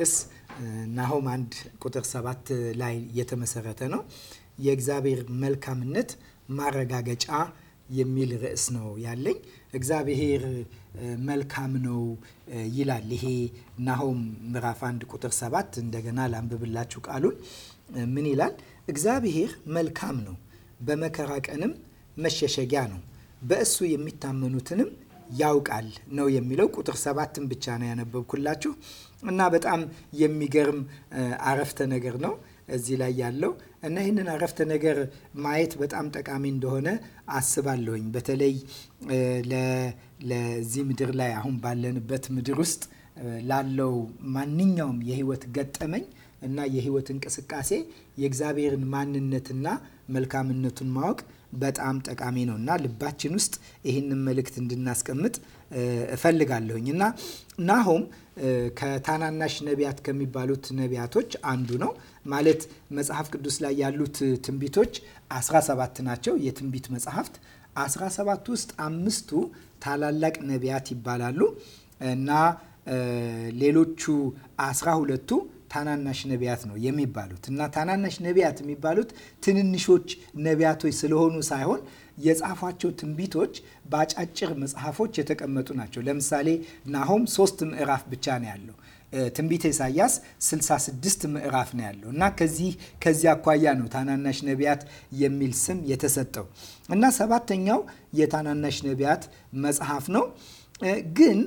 ጥቅስ ናሆም አንድ ቁጥር ሰባት ላይ የተመሰረተ ነው። የእግዚአብሔር መልካምነት ማረጋገጫ የሚል ርዕስ ነው ያለኝ። እግዚአብሔር መልካም ነው ይላል። ይሄ ናሆም ምዕራፍ አንድ ቁጥር ሰባት እንደገና ላንብብላችሁ ቃሉን ምን ይላል? እግዚአብሔር መልካም ነው፣ በመከራ ቀንም መሸሸጊያ ነው፣ በእሱ የሚታመኑትንም ያውቃል ነው የሚለው። ቁጥር ሰባትን ብቻ ነው ያነበብኩላችሁ። እና በጣም የሚገርም አረፍተ ነገር ነው እዚህ ላይ ያለው እና ይህንን አረፍተ ነገር ማየት በጣም ጠቃሚ እንደሆነ አስባለሁኝ። በተለይ ለዚህ ምድር ላይ አሁን ባለንበት ምድር ውስጥ ላለው ማንኛውም የህይወት ገጠመኝ እና የህይወት እንቅስቃሴ የእግዚአብሔርን ማንነትና መልካምነቱን ማወቅ በጣም ጠቃሚ ነው እና ልባችን ውስጥ ይህንን መልእክት እንድናስቀምጥ እፈልጋለሁኝ እና ናሆም ከታናናሽ ነቢያት ከሚባሉት ነቢያቶች አንዱ ነው። ማለት መጽሐፍ ቅዱስ ላይ ያሉት ትንቢቶች 17 ናቸው። የትንቢት መጽሐፍት 17 ውስጥ አምስቱ ታላላቅ ነቢያት ይባላሉ እና ሌሎቹ 12ቱ ታናናሽ ነቢያት ነው የሚባሉት እና ታናናሽ ነቢያት የሚባሉት ትንንሾች ነቢያቶች ስለሆኑ ሳይሆን የጻፏቸው ትንቢቶች በአጫጭር መጽሐፎች የተቀመጡ ናቸው። ለምሳሌ ናሆም ሶስት ምዕራፍ ብቻ ነው ያለው። ትንቢተ ኢሳያስ 66 ምዕራፍ ነው ያለው እና ከዚህ ከዚህ አኳያ ነው ታናናሽ ነቢያት የሚል ስም የተሰጠው እና ሰባተኛው የታናናሽ ነቢያት መጽሐፍ ነው ግን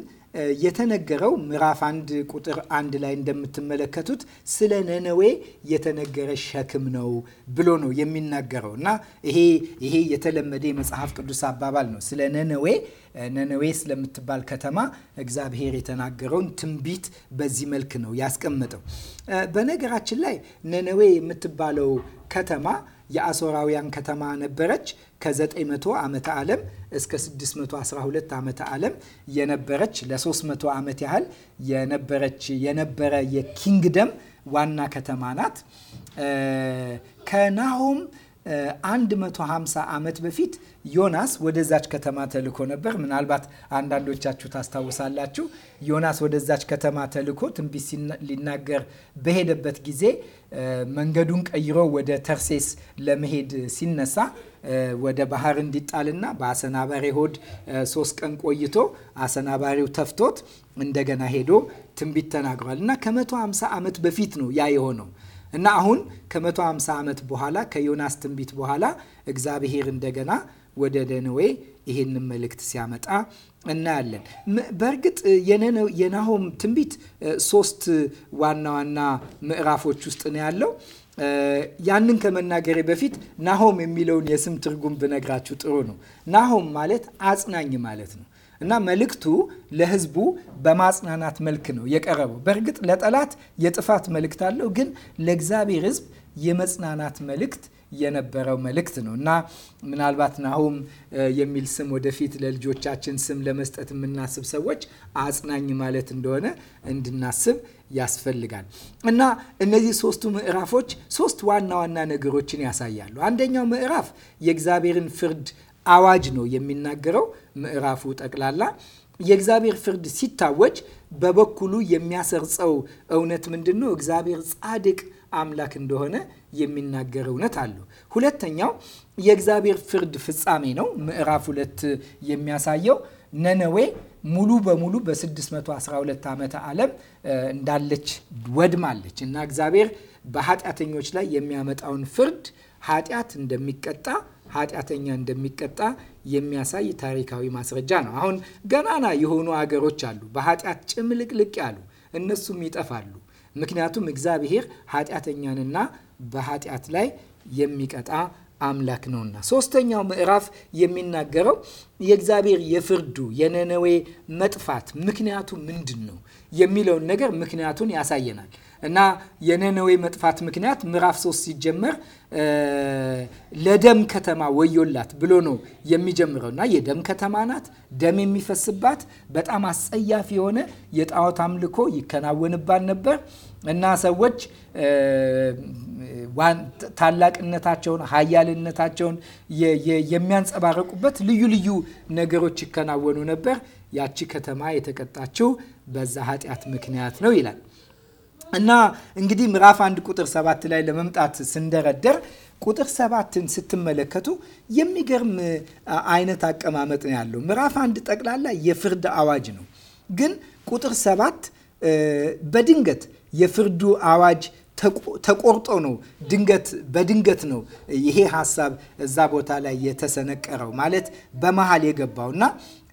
የተነገረው ምዕራፍ አንድ ቁጥር አንድ ላይ እንደምትመለከቱት ስለ ነነዌ የተነገረ ሸክም ነው ብሎ ነው የሚናገረው እና ይሄ ይሄ የተለመደ የመጽሐፍ ቅዱስ አባባል ነው። ስለ ነነዌ ነነዌ ስለምትባል ከተማ እግዚአብሔር የተናገረውን ትንቢት በዚህ መልክ ነው ያስቀመጠው። በነገራችን ላይ ነነዌ የምትባለው ከተማ የአሶራውያን ከተማ ነበረች። ከ900 ዓመተ ዓለም እስከ 612 ዓመተ ዓለም የነበረች ለ300 ዓመት ያህል የነበረች የነበረ የኪንግደም ዋና ከተማ ናት። ከናሆም 150 ዓመት በፊት ዮናስ ወደዛች ከተማ ተልኮ ነበር። ምናልባት አንዳንዶቻችሁ ታስታውሳላችሁ። ዮናስ ወደዛች ከተማ ተልኮ ትንቢት ሊናገር በሄደበት ጊዜ መንገዱን ቀይሮ ወደ ተርሴስ ለመሄድ ሲነሳ ወደ ባህር እንዲጣልና በአሰናባሪ ሆድ ሶስት ቀን ቆይቶ አሰናባሪው ተፍቶት እንደገና ሄዶ ትንቢት ተናግሯል እና ከ150 ዓመት በፊት ነው ያ የሆነው እና አሁን ከ150 ዓመት በኋላ ከዮናስ ትንቢት በኋላ እግዚአብሔር እንደገና ወደ ነነዌ ይሄንን መልእክት ሲያመጣ እናያለን። በእርግጥ የናሆም ትንቢት ሶስት ዋና ዋና ምዕራፎች ውስጥ ነው ያለው። ያንን ከመናገሬ በፊት ናሆም የሚለውን የስም ትርጉም ብነግራችሁ ጥሩ ነው። ናሆም ማለት አጽናኝ ማለት ነው እና መልእክቱ ለሕዝቡ በማጽናናት መልክ ነው የቀረበው። በእርግጥ ለጠላት የጥፋት መልእክት አለው፣ ግን ለእግዚአብሔር ሕዝብ የመጽናናት መልእክት የነበረው መልእክት ነው እና ምናልባት ናሁም የሚል ስም ወደፊት ለልጆቻችን ስም ለመስጠት የምናስብ ሰዎች አጽናኝ ማለት እንደሆነ እንድናስብ ያስፈልጋል እና እነዚህ ሶስቱ ምዕራፎች ሶስት ዋና ዋና ነገሮችን ያሳያሉ። አንደኛው ምዕራፍ የእግዚአብሔርን ፍርድ አዋጅ ነው የሚናገረው ምዕራፉ ጠቅላላ የእግዚአብሔር ፍርድ ሲታወጅ በበኩሉ የሚያሰርጸው እውነት ምንድን ነው? እግዚአብሔር ጻድቅ አምላክ እንደሆነ የሚናገር እውነት አለው። ሁለተኛው የእግዚአብሔር ፍርድ ፍጻሜ ነው። ምዕራፍ ሁለት የሚያሳየው ነነዌ ሙሉ በሙሉ በ612 ዓመተ ዓለም እንዳለች ወድማለች እና እግዚአብሔር በኃጢአተኞች ላይ የሚያመጣውን ፍርድ ኃጢአት እንደሚቀጣ ኃጢአተኛ እንደሚቀጣ የሚያሳይ ታሪካዊ ማስረጃ ነው። አሁን ገናና የሆኑ አገሮች አሉ፣ በኃጢአት ጭምልቅልቅ ያሉ እነሱም ይጠፋሉ። ምክንያቱም እግዚአብሔር ኃጢአተኛንና በኃጢአት ላይ የሚቀጣ አምላክ ነውና። ሶስተኛው ምዕራፍ የሚናገረው የእግዚአብሔር የፍርዱ የነነዌ መጥፋት ምክንያቱ ምንድን ነው የሚለውን ነገር ምክንያቱን ያሳየናል እና የነነዌ መጥፋት ምክንያት ምዕራፍ ሶስት ሲጀመር ለደም ከተማ ወዮላት ብሎ ነው የሚጀምረው እና የደም ከተማ ናት። ደም የሚፈስባት በጣም አስጸያፊ የሆነ የጣዖት አምልኮ ይከናወንባት ነበር እና ሰዎች ታላቅነታቸውን፣ ኃያልነታቸውን የሚያንጸባረቁበት ልዩ ልዩ ነገሮች ይከናወኑ ነበር። ያቺ ከተማ የተቀጣችው በዛ ኃጢአት ምክንያት ነው ይላል። እና እንግዲህ ምዕራፍ አንድ ቁጥር ሰባት ላይ ለመምጣት ስንደረደር ቁጥር ሰባትን ስትመለከቱ የሚገርም አይነት አቀማመጥ ነው ያለው። ምዕራፍ አንድ ጠቅላላ የፍርድ አዋጅ ነው። ግን ቁጥር ሰባት በድንገት የፍርዱ አዋጅ ተቆርጦ ነው። ድንገት በድንገት ነው ይሄ ሀሳብ እዛ ቦታ ላይ የተሰነቀረው ማለት በመሀል የገባው እና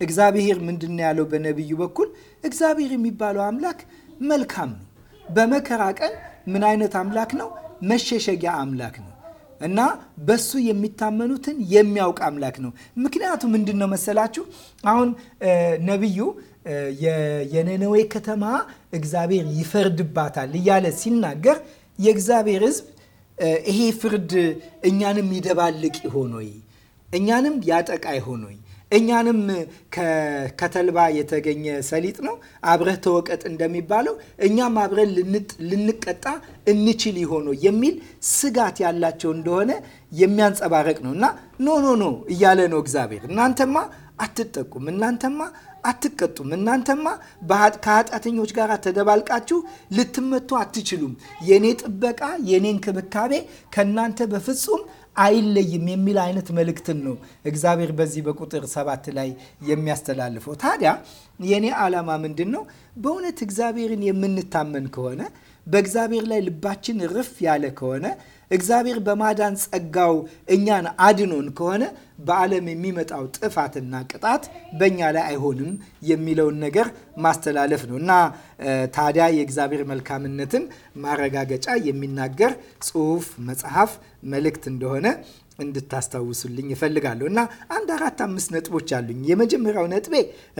እግዚአብሔር ምንድን ነው ያለው በነቢዩ በኩል እግዚአብሔር የሚባለው አምላክ መልካም ነው በመከራ ቀን ምን አይነት አምላክ ነው? መሸሸጊያ አምላክ ነው እና በሱ የሚታመኑትን የሚያውቅ አምላክ ነው። ምክንያቱም ምንድን ነው መሰላችሁ አሁን ነቢዩ የነነዌ ከተማ እግዚአብሔር ይፈርድባታል እያለ ሲናገር የእግዚአብሔር ሕዝብ ይሄ ፍርድ እኛንም ይደባልቅ ይሆን ወይ? እኛንም ያጠቃ ይሆን ወይ? እኛንም ከተልባ የተገኘ ሰሊጥ ነው አብረህ ተወቀጥ እንደሚባለው እኛም አብረን ልንቀጣ እንችል ይሆኖ የሚል ስጋት ያላቸው እንደሆነ የሚያንጸባረቅ ነው እና ኖ ኖ ኖ እያለ ነው እግዚአብሔር። እናንተማ አትጠቁም፣ እናንተማ አትቀጡም፣ እናንተማ ከኃጢአተኞች ጋር ተደባልቃችሁ ልትመቱ አትችሉም። የኔ ጥበቃ፣ የኔ እንክብካቤ ከእናንተ በፍጹም አይለይም የሚል አይነት መልእክትን ነው እግዚአብሔር በዚህ በቁጥር ሰባት ላይ የሚያስተላልፈው። ታዲያ የኔ ዓላማ ምንድን ነው? በእውነት እግዚአብሔርን የምንታመን ከሆነ በእግዚአብሔር ላይ ልባችን ርፍ ያለ ከሆነ እግዚአብሔር በማዳን ጸጋው እኛን አድኖን ከሆነ በዓለም የሚመጣው ጥፋትና ቅጣት በእኛ ላይ አይሆንም የሚለውን ነገር ማስተላለፍ ነው እና ታዲያ የእግዚአብሔር መልካምነትን ማረጋገጫ የሚናገር ጽሑፍ፣ መጽሐፍ፣ መልእክት እንደሆነ እንድታስታውሱልኝ እፈልጋለሁ እና አንድ አራት አምስት ነጥቦች አሉኝ። የመጀመሪያው ነጥቤ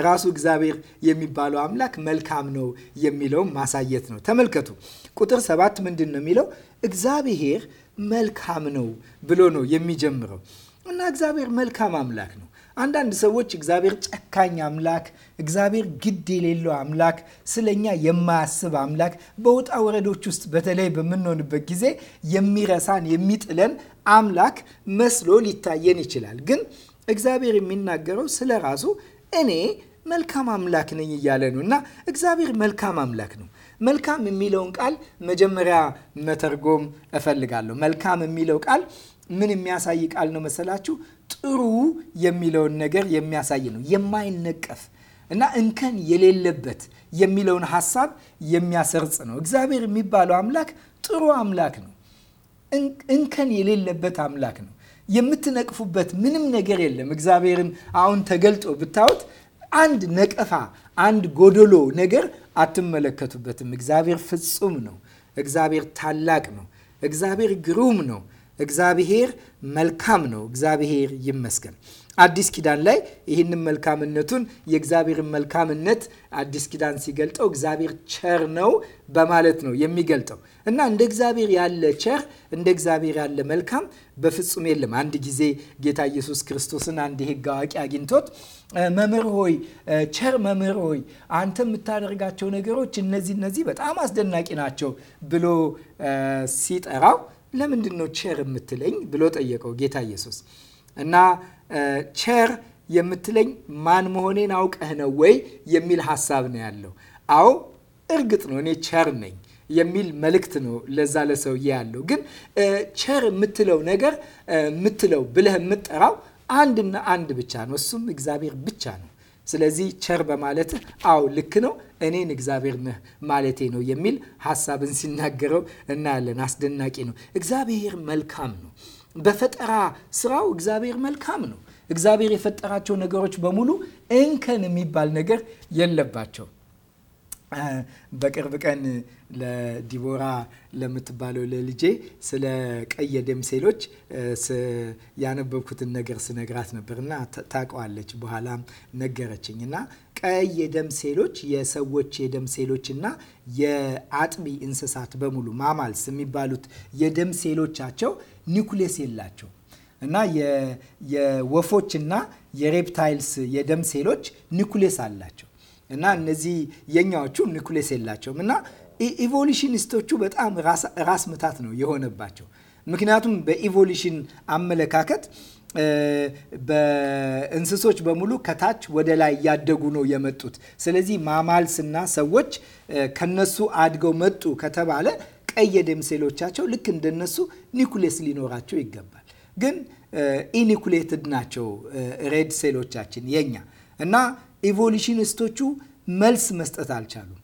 ራሱ እግዚአብሔር የሚባለው አምላክ መልካም ነው የሚለውን ማሳየት ነው። ተመልከቱ፣ ቁጥር ሰባት ምንድን ነው የሚለው? እግዚአብሔር መልካም ነው ብሎ ነው የሚጀምረው እና እግዚአብሔር መልካም አምላክ ነው። አንዳንድ ሰዎች እግዚአብሔር ጨካኝ አምላክ፣ እግዚአብሔር ግድ የሌለው አምላክ፣ ስለኛ የማያስብ አምላክ፣ በውጣ ወረዶች ውስጥ በተለይ በምንሆንበት ጊዜ የሚረሳን የሚጥለን አምላክ መስሎ ሊታየን ይችላል። ግን እግዚአብሔር የሚናገረው ስለ ራሱ እኔ መልካም አምላክ ነኝ እያለ ነው እና እግዚአብሔር መልካም አምላክ ነው። መልካም የሚለውን ቃል መጀመሪያ መተርጎም እፈልጋለሁ። መልካም የሚለው ቃል ምን የሚያሳይ ቃል ነው መሰላችሁ? ጥሩ የሚለውን ነገር የሚያሳይ ነው። የማይነቀፍ እና እንከን የሌለበት የሚለውን ሀሳብ የሚያሰርጽ ነው። እግዚአብሔር የሚባለው አምላክ ጥሩ አምላክ ነው። እንከን የሌለበት አምላክ ነው። የምትነቅፉበት ምንም ነገር የለም። እግዚአብሔርን አሁን ተገልጦ ብታዩት አንድ ነቀፋ፣ አንድ ጎደሎ ነገር አትመለከቱበትም። እግዚአብሔር ፍጹም ነው። እግዚአብሔር ታላቅ ነው። እግዚአብሔር ግሩም ነው። እግዚአብሔር መልካም ነው። እግዚአብሔር ይመስገን። አዲስ ኪዳን ላይ ይህንን መልካምነቱን የእግዚአብሔርን መልካምነት አዲስ ኪዳን ሲገልጠው እግዚአብሔር ቸር ነው በማለት ነው የሚገልጠው እና እንደ እግዚአብሔር ያለ ቸር፣ እንደ እግዚአብሔር ያለ መልካም በፍጹም የለም። አንድ ጊዜ ጌታ ኢየሱስ ክርስቶስን አንድ የሕግ አዋቂ አግኝቶት መምህር ሆይ ቸር መምህር ሆይ አንተ የምታደርጋቸው ነገሮች እነዚህ እነዚህ በጣም አስደናቂ ናቸው ብሎ ሲጠራው ለምንድን ነው ቸር የምትለኝ ብሎ ጠየቀው ጌታ ኢየሱስ እና ቸር የምትለኝ ማን መሆኔን አውቀህ ነው ወይ የሚል ሀሳብ ነው ያለው። አዎ እርግጥ ነው እኔ ቸር ነኝ የሚል መልእክት ነው ለዛ ለሰውዬ ያለው። ግን ቸር የምትለው ነገር የምትለው ብለህ የምጠራው አንድና አንድ ብቻ ነው፣ እሱም እግዚአብሔር ብቻ ነው። ስለዚህ ቸር በማለት አው ልክ ነው እኔን እግዚአብሔር ነህ ማለቴ ነው የሚል ሀሳብን ሲናገረው እናያለን። አስደናቂ ነው። እግዚአብሔር መልካም ነው። በፈጠራ ስራው እግዚአብሔር መልካም ነው። እግዚአብሔር የፈጠራቸው ነገሮች በሙሉ እንከን የሚባል ነገር የለባቸው። በቅርብ ቀን ለዲቦራ ለምትባለው ለልጄ ስለ ቀይ የደም ሴሎች ያነበብኩትን ነገር ስነግራት ነበር እና ታውቀዋለች። በኋላም ነገረችኝ እና ቀይ የደም ሴሎች የሰዎች የደም ሴሎች እና የአጥቢ እንስሳት በሙሉ ማማልስ የሚባሉት የደም ሴሎቻቸው ኒኩሌስ የላቸው እና የወፎችና የሬፕታይልስ የደም ሴሎች ኒኩሌስ አላቸው እና እነዚህ የኛዎቹ ኒኩሌስ የላቸውም እና ኢቮሉሽኒስቶቹ በጣም ራስ ምታት ነው የሆነባቸው። ምክንያቱም በኢቮሉሽን አመለካከት በእንስሶች በሙሉ ከታች ወደ ላይ እያደጉ ነው የመጡት። ስለዚህ ማማልስና ሰዎች ከነሱ አድገው መጡ ከተባለ ቀይ የደም ሴሎቻቸው ልክ እንደነሱ ኒኩሌስ ሊኖራቸው ይገባል። ግን ኢኒኩሌትድ ናቸው ሬድ ሴሎቻችን የኛ እና ኢቮሉሽኒስቶቹ መልስ መስጠት አልቻሉም።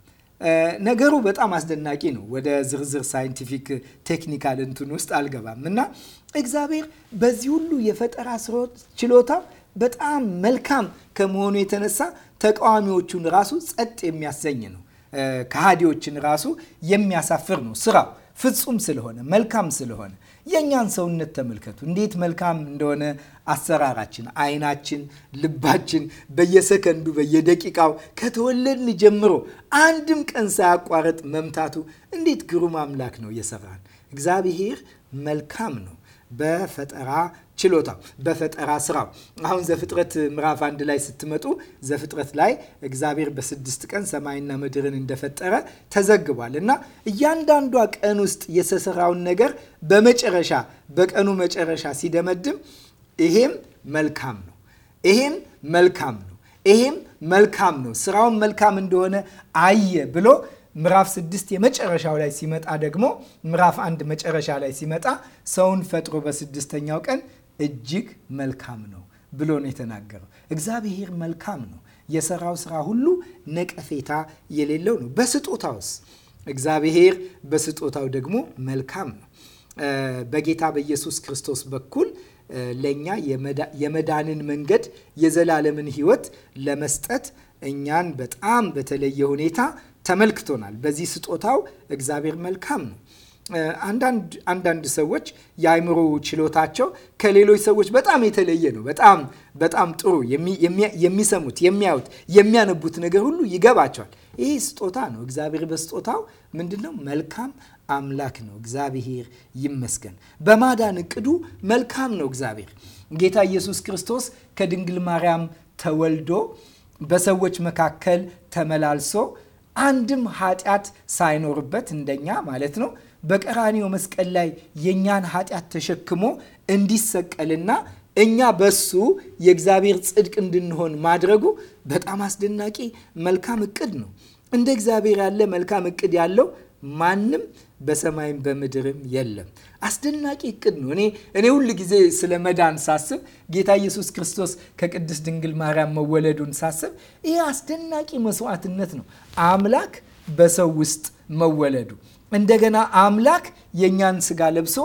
ነገሩ በጣም አስደናቂ ነው። ወደ ዝርዝር ሳይንቲፊክ ቴክኒካል እንትን ውስጥ አልገባም እና እግዚአብሔር በዚህ ሁሉ የፈጠራ ችሎታ በጣም መልካም ከመሆኑ የተነሳ ተቃዋሚዎቹን ራሱ ጸጥ የሚያሰኝ ነው። ከሃዲዎችን ራሱ የሚያሳፍር ነው ስራው ፍጹም ስለሆነ መልካም ስለሆነ የእኛን ሰውነት ተመልከቱ። እንዴት መልካም እንደሆነ አሰራራችን፣ አይናችን፣ ልባችን በየሰከንዱ በየደቂቃው ከተወለድን ጀምሮ አንድም ቀን ሳያቋረጥ መምታቱ እንዴት ግሩም አምላክ ነው የሰራን። እግዚአብሔር መልካም ነው። በፈጠራ ችሎታው፣ በፈጠራ ስራው። አሁን ዘፍጥረት ምዕራፍ አንድ ላይ ስትመጡ ዘፍጥረት ላይ እግዚአብሔር በስድስት ቀን ሰማይና ምድርን እንደፈጠረ ተዘግቧል እና እያንዳንዷ ቀን ውስጥ የተሰራውን ነገር በመጨረሻ በቀኑ መጨረሻ ሲደመድም ይሄም መልካም ነው፣ ይሄም መልካም ነው፣ ይሄም መልካም ነው፣ ስራውን መልካም እንደሆነ አየ ብሎ ምዕራፍ ስድስት የመጨረሻው ላይ ሲመጣ ደግሞ ምዕራፍ አንድ መጨረሻ ላይ ሲመጣ ሰውን ፈጥሮ በስድስተኛው ቀን እጅግ መልካም ነው ብሎ ነው የተናገረው። እግዚአብሔር መልካም ነው። የሰራው ስራ ሁሉ ነቀፌታ የሌለው ነው። በስጦታውስ እግዚአብሔር በስጦታው ደግሞ መልካም ነው። በጌታ በኢየሱስ ክርስቶስ በኩል ለእኛ የመዳንን መንገድ የዘላለምን ሕይወት ለመስጠት እኛን በጣም በተለየ ሁኔታ ተመልክቶናል። በዚህ ስጦታው እግዚአብሔር መልካም ነው። አንዳንድ ሰዎች የአእምሮ ችሎታቸው ከሌሎች ሰዎች በጣም የተለየ ነው። በጣም በጣም ጥሩ የሚሰሙት፣ የሚያዩት፣ የሚያነቡት ነገር ሁሉ ይገባቸዋል። ይህ ስጦታ ነው። እግዚአብሔር በስጦታው ምንድን ነው? መልካም አምላክ ነው። እግዚአብሔር ይመስገን። በማዳን እቅዱ መልካም ነው። እግዚአብሔር ጌታ ኢየሱስ ክርስቶስ ከድንግል ማርያም ተወልዶ በሰዎች መካከል ተመላልሶ አንድም ኃጢአት ሳይኖርበት እንደኛ ማለት ነው በቀራኒው መስቀል ላይ የእኛን ኃጢአት ተሸክሞ እንዲሰቀልና እኛ በሱ የእግዚአብሔር ጽድቅ እንድንሆን ማድረጉ በጣም አስደናቂ መልካም እቅድ ነው። እንደ እግዚአብሔር ያለ መልካም እቅድ ያለው ማንም በሰማይም በምድርም የለም። አስደናቂ እቅድ ነው። እኔ እኔ ሁል ጊዜ ስለ መዳን ሳስብ ጌታ ኢየሱስ ክርስቶስ ከቅድስት ድንግል ማርያም መወለዱን ሳስብ ይህ አስደናቂ መስዋዕትነት ነው። አምላክ በሰው ውስጥ መወለዱ እንደገና አምላክ የእኛን ስጋ ለብሶ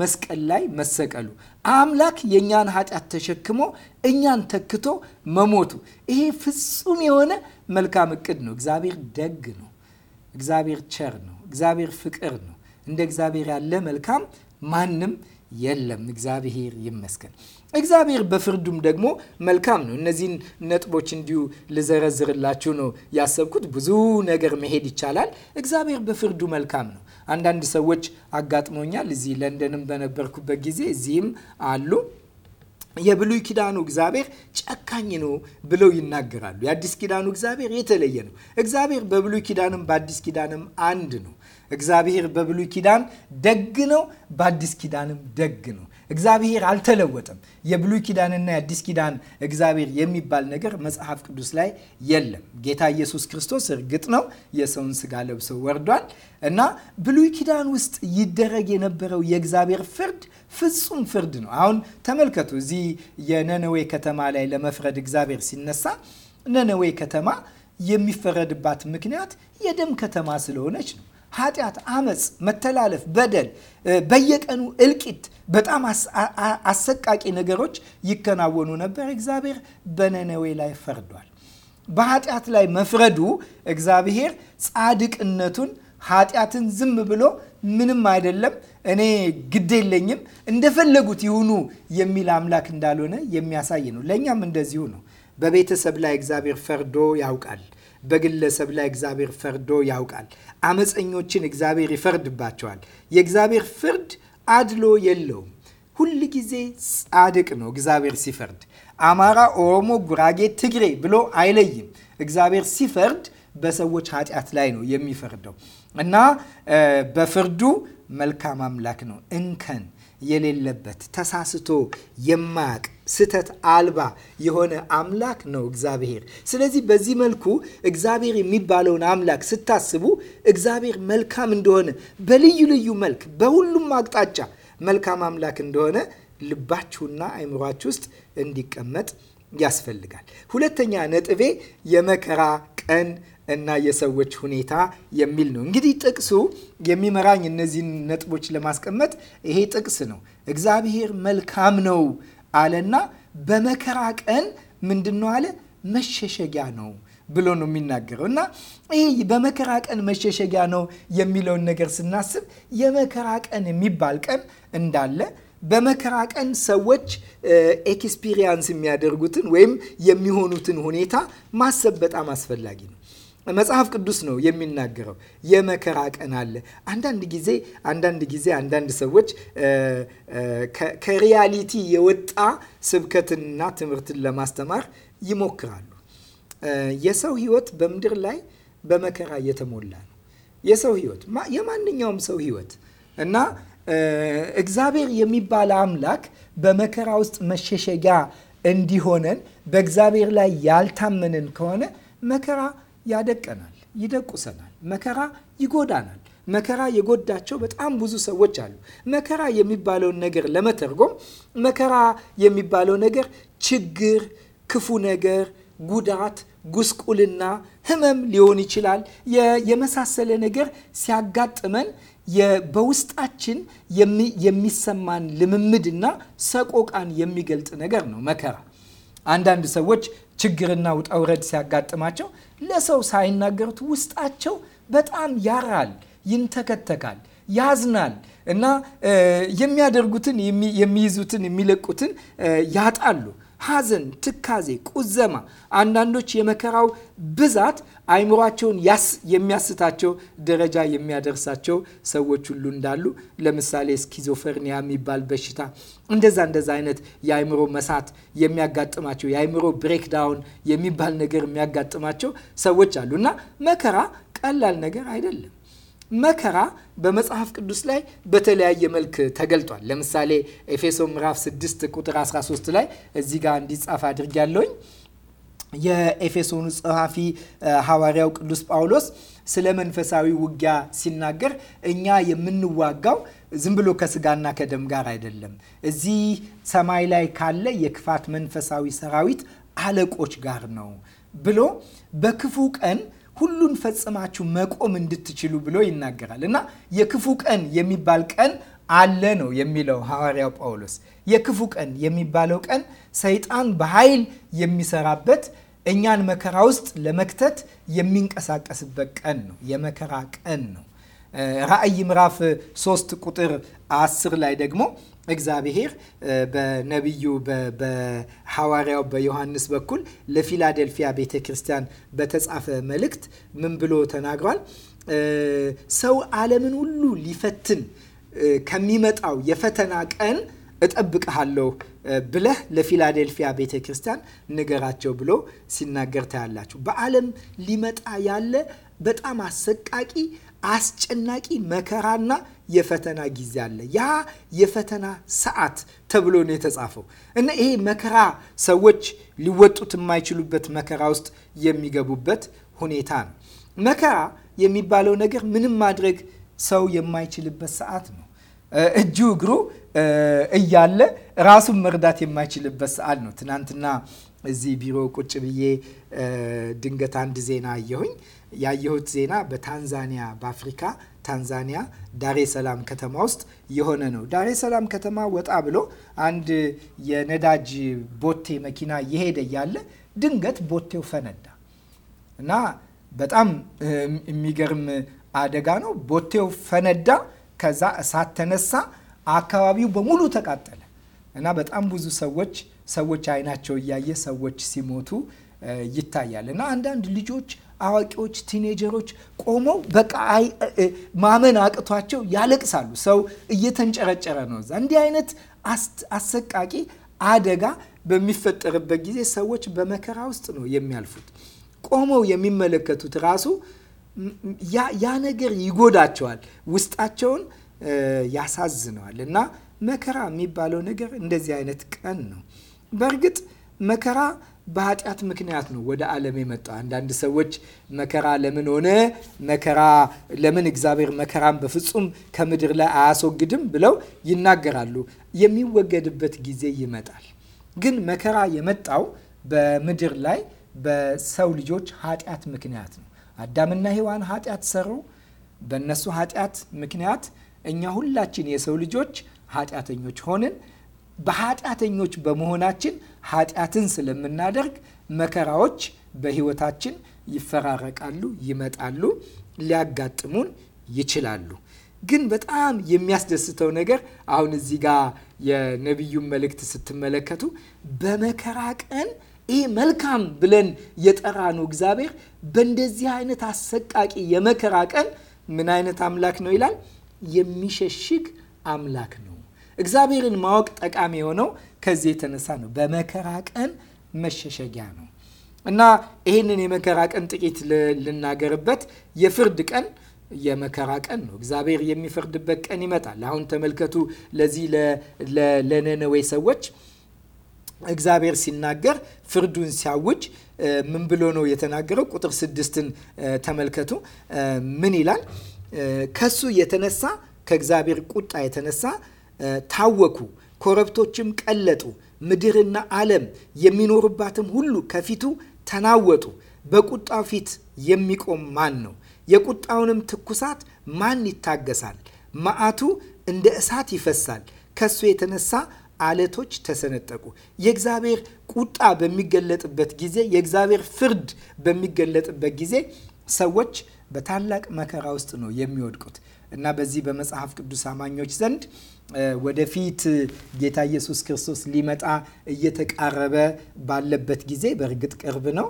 መስቀል ላይ መሰቀሉ፣ አምላክ የእኛን ኃጢአት ተሸክሞ እኛን ተክቶ መሞቱ፣ ይሄ ፍጹም የሆነ መልካም እቅድ ነው። እግዚአብሔር ደግ ነው። እግዚአብሔር ቸር ነው። እግዚአብሔር ፍቅር ነው። እንደ እግዚአብሔር ያለ መልካም ማንም የለም። እግዚአብሔር ይመስገን። እግዚአብሔር በፍርዱም ደግሞ መልካም ነው። እነዚህን ነጥቦች እንዲሁ ልዘረዝርላችሁ ነው ያሰብኩት። ብዙ ነገር መሄድ ይቻላል። እግዚአብሔር በፍርዱ መልካም ነው። አንዳንድ ሰዎች አጋጥመውኛል። እዚህ ለንደንም በነበርኩበት ጊዜ እዚህም አሉ። የብሉይ ኪዳኑ እግዚአብሔር ጨካኝ ነው ብለው ይናገራሉ። የአዲስ ኪዳኑ እግዚአብሔር የተለየ ነው። እግዚአብሔር በብሉይ ኪዳንም በአዲስ ኪዳንም አንድ ነው። እግዚአብሔር በብሉይ ኪዳን ደግ ነው፣ በአዲስ ኪዳንም ደግ ነው። እግዚአብሔር አልተለወጠም። የብሉይ ኪዳንና የአዲስ ኪዳን እግዚአብሔር የሚባል ነገር መጽሐፍ ቅዱስ ላይ የለም። ጌታ ኢየሱስ ክርስቶስ እርግጥ ነው የሰውን ስጋ ለብሶ ወርዷል እና ብሉይ ኪዳን ውስጥ ይደረግ የነበረው የእግዚአብሔር ፍርድ ፍጹም ፍርድ ነው። አሁን ተመልከቱ፣ እዚህ የነነዌ ከተማ ላይ ለመፍረድ እግዚአብሔር ሲነሳ ነነዌ ከተማ የሚፈረድባት ምክንያት የደም ከተማ ስለሆነች ነው። ኃጢአት፣ አመፅ፣ መተላለፍ፣ በደል፣ በየቀኑ እልቂት፣ በጣም አሰቃቂ ነገሮች ይከናወኑ ነበር። እግዚአብሔር በነነዌ ላይ ፈርዷል። በኃጢአት ላይ መፍረዱ እግዚአብሔር ጻድቅነቱን ኃጢአትን ዝም ብሎ ምንም አይደለም እኔ ግድ የለኝም እንደፈለጉት ይሁኑ የሚል አምላክ እንዳልሆነ የሚያሳይ ነው። ለእኛም እንደዚሁ ነው። በቤተሰብ ላይ እግዚአብሔር ፈርዶ ያውቃል። በግለሰብ ላይ እግዚአብሔር ፈርዶ ያውቃል። አመፀኞችን እግዚአብሔር ይፈርድባቸዋል። የእግዚአብሔር ፍርድ አድሎ የለውም። ሁል ጊዜ ጻድቅ ነው እግዚአብሔር ሲፈርድ። አማራ፣ ኦሮሞ፣ ጉራጌ፣ ትግሬ ብሎ አይለይም። እግዚአብሔር ሲፈርድ በሰዎች ኃጢአት ላይ ነው የሚፈርደው እና በፍርዱ መልካም አምላክ ነው እንከን የሌለበት ተሳስቶ የማያቅ ስተት አልባ የሆነ አምላክ ነው እግዚአብሔር። ስለዚህ በዚህ መልኩ እግዚአብሔር የሚባለውን አምላክ ስታስቡ እግዚአብሔር መልካም እንደሆነ በልዩ ልዩ መልክ በሁሉም አቅጣጫ መልካም አምላክ እንደሆነ ልባችሁና አይምሯችሁ ውስጥ እንዲቀመጥ ያስፈልጋል። ሁለተኛ ነጥቤ የመከራ ቀን እና የሰዎች ሁኔታ የሚል ነው። እንግዲህ ጥቅሱ የሚመራኝ እነዚህን ነጥቦች ለማስቀመጥ ይሄ ጥቅስ ነው። እግዚአብሔር መልካም ነው አለና በመከራ ቀን ምንድን ነው አለ መሸሸጊያ ነው ብሎ ነው የሚናገረው። እና ይህ በመከራ ቀን መሸሸጊያ ነው የሚለውን ነገር ስናስብ የመከራ ቀን የሚባል ቀን እንዳለ በመከራ ቀን ሰዎች ኤክስፒሪየንስ የሚያደርጉትን ወይም የሚሆኑትን ሁኔታ ማሰብ በጣም አስፈላጊ ነው። መጽሐፍ ቅዱስ ነው የሚናገረው። የመከራ ቀን አለ። አንዳንድ ጊዜ አንዳንድ ጊዜ አንዳንድ ሰዎች ከሪያሊቲ የወጣ ስብከትንና ትምህርትን ለማስተማር ይሞክራሉ። የሰው ሕይወት በምድር ላይ በመከራ የተሞላ ነው። የሰው ሕይወት የማንኛውም ሰው ሕይወት እና እግዚአብሔር የሚባል አምላክ በመከራ ውስጥ መሸሸጊያ እንዲሆነን በእግዚአብሔር ላይ ያልታመንን ከሆነ መከራ ያደቀናል፣ ይደቁሰናል። መከራ ይጎዳናል። መከራ የጎዳቸው በጣም ብዙ ሰዎች አሉ። መከራ የሚባለውን ነገር ለመተርጎም መከራ የሚባለው ነገር ችግር፣ ክፉ ነገር፣ ጉዳት፣ ጉስቁልና፣ ህመም ሊሆን ይችላል። የመሳሰለ ነገር ሲያጋጥመን በውስጣችን የሚሰማን ልምምድና ሰቆቃን የሚገልጥ ነገር ነው መከራ። አንዳንድ ሰዎች ችግርና ውጣውረድ ሲያጋጥማቸው ለሰው ሳይናገሩት ውስጣቸው በጣም ያራል፣ ይንተከተካል፣ ያዝናል እና የሚያደርጉትን የሚይዙትን የሚለቁትን ያጣሉ። ሐዘን፣ ትካዜ፣ ቁዘማ፣ አንዳንዶች የመከራው ብዛት አይምሯቸውን ያስ የሚያስታቸው ደረጃ የሚያደርሳቸው ሰዎች ሁሉ እንዳሉ ለምሳሌ ስኪዞፈርኒያ የሚባል በሽታ እንደዛ እንደዛ አይነት የአይምሮ መሳት የሚያጋጥማቸው የአይምሮ ብሬክዳውን የሚባል ነገር የሚያጋጥማቸው ሰዎች አሉ እና መከራ ቀላል ነገር አይደለም። መከራ በመጽሐፍ ቅዱስ ላይ በተለያየ መልክ ተገልጧል። ለምሳሌ ኤፌሶ ምዕራፍ 6 ቁጥር 13 ላይ እዚህ ጋር እንዲጻፍ አድርጊያለሁኝ። የኤፌሶኑ ጸሐፊ ሐዋርያው ቅዱስ ጳውሎስ ስለ መንፈሳዊ ውጊያ ሲናገር እኛ የምንዋጋው ዝም ብሎ ከስጋና ከደም ጋር አይደለም፣ እዚህ ሰማይ ላይ ካለ የክፋት መንፈሳዊ ሰራዊት አለቆች ጋር ነው ብሎ በክፉ ቀን ሁሉን ፈጽማችሁ መቆም እንድትችሉ ብሎ ይናገራል እና የክፉ ቀን የሚባል ቀን አለ ነው የሚለው ሐዋርያው ጳውሎስ። የክፉ ቀን የሚባለው ቀን ሰይጣን በኃይል የሚሰራበት እኛን መከራ ውስጥ ለመክተት የሚንቀሳቀስበት ቀን ነው። የመከራ ቀን ነው። ራእይ ምዕራፍ 3 ቁጥር 10 ላይ ደግሞ እግዚአብሔር በነቢዩ በሐዋርያው በዮሐንስ በኩል ለፊላደልፊያ ቤተ ክርስቲያን በተጻፈ መልእክት ምን ብሎ ተናግሯል? ሰው ዓለምን ሁሉ ሊፈትን ከሚመጣው የፈተና ቀን እጠብቅሃለሁ ብለህ ለፊላዴልፊያ ቤተ ክርስቲያን ንገራቸው ብሎ ሲናገር ታያላችሁ። በዓለም ሊመጣ ያለ በጣም አሰቃቂ አስጨናቂ መከራና የፈተና ጊዜ አለ። ያ የፈተና ሰዓት ተብሎ ነው የተጻፈው እና ይሄ መከራ ሰዎች ሊወጡት የማይችሉበት መከራ ውስጥ የሚገቡበት ሁኔታ ነው። መከራ የሚባለው ነገር ምንም ማድረግ ሰው የማይችልበት ሰዓት ነው። እጁ እግሩ እያለ ራሱን መርዳት የማይችልበት ሰዓት ነው። ትናንትና እዚህ ቢሮ ቁጭ ብዬ ድንገት አንድ ዜና አየሁኝ። ያየሁት ዜና በታንዛኒያ በአፍሪካ ታንዛኒያ ዳሬ ሰላም ከተማ ውስጥ የሆነ ነው። ዳሬ ሰላም ከተማ ወጣ ብሎ አንድ የነዳጅ ቦቴ መኪና እየሄደ እያለ ድንገት ቦቴው ፈነዳ እና በጣም የሚገርም አደጋ ነው። ቦቴው ፈነዳ፣ ከዛ እሳት ተነሳ፣ አካባቢው በሙሉ ተቃጠለ እና በጣም ብዙ ሰዎች ሰዎች አይናቸው እያየ ሰዎች ሲሞቱ ይታያል እና አንዳንድ ልጆች አዋቂዎች፣ ቲኔጀሮች ቆመው በቃ ማመን አቅቷቸው ያለቅሳሉ። ሰው እየተንጨረጨረ ነው እዛ። እንዲህ አይነት አሰቃቂ አደጋ በሚፈጠርበት ጊዜ ሰዎች በመከራ ውስጥ ነው የሚያልፉት። ቆመው የሚመለከቱት ራሱ ያ ነገር ይጎዳቸዋል፣ ውስጣቸውን ያሳዝነዋል። እና መከራ የሚባለው ነገር እንደዚህ አይነት ቀን ነው። በእርግጥ መከራ በኃጢአት ምክንያት ነው ወደ ዓለም የመጣው። አንዳንድ ሰዎች መከራ ለምን ሆነ መከራ ለምን እግዚአብሔር መከራን በፍጹም ከምድር ላይ አያስወግድም ብለው ይናገራሉ። የሚወገድበት ጊዜ ይመጣል። ግን መከራ የመጣው በምድር ላይ በሰው ልጆች ኃጢአት ምክንያት ነው። አዳምና ሔዋን ኃጢአት ሰሩ። በእነሱ ኃጢአት ምክንያት እኛ ሁላችን የሰው ልጆች ኃጢአተኞች ሆንን። በኃጢአተኞች በመሆናችን ኃጢአትን ስለምናደርግ መከራዎች በህይወታችን ይፈራረቃሉ፣ ይመጣሉ፣ ሊያጋጥሙን ይችላሉ። ግን በጣም የሚያስደስተው ነገር አሁን እዚህ ጋር የነቢዩን መልእክት ስትመለከቱ በመከራ ቀን ይህ መልካም ብለን ነው እግዚአብሔር በእንደዚህ አይነት አሰቃቂ የመከራ ቀን ምን አይነት አምላክ ነው ይላል? የሚሸሽግ አምላክ ነው። እግዚአብሔርን ማወቅ ጠቃሚ የሆነው ከዚህ የተነሳ ነው። በመከራ ቀን መሸሸጊያ ነው እና ይህንን የመከራ ቀን ጥቂት ልናገርበት። የፍርድ ቀን የመከራ ቀን ነው። እግዚአብሔር የሚፈርድበት ቀን ይመጣል። አሁን ተመልከቱ። ለዚህ ለነነዌ ሰዎች እግዚአብሔር ሲናገር ፍርዱን ሲያውጅ ምን ብሎ ነው የተናገረው? ቁጥር ስድስትን ተመልከቱ። ምን ይላል? ከሱ የተነሳ ከእግዚአብሔር ቁጣ የተነሳ ታወኩ ኮረብቶችም ቀለጡ፣ ምድርና ዓለም የሚኖሩባትም ሁሉ ከፊቱ ተናወጡ። በቁጣው ፊት የሚቆም ማን ነው? የቁጣውንም ትኩሳት ማን ይታገሳል? መዓቱ እንደ እሳት ይፈሳል፣ ከሱ የተነሳ አለቶች ተሰነጠቁ። የእግዚአብሔር ቁጣ በሚገለጥበት ጊዜ፣ የእግዚአብሔር ፍርድ በሚገለጥበት ጊዜ ሰዎች በታላቅ መከራ ውስጥ ነው የሚወድቁት እና በዚህ በመጽሐፍ ቅዱስ አማኞች ዘንድ ወደፊት ጌታ ኢየሱስ ክርስቶስ ሊመጣ እየተቃረበ ባለበት ጊዜ በእርግጥ ቅርብ ነው።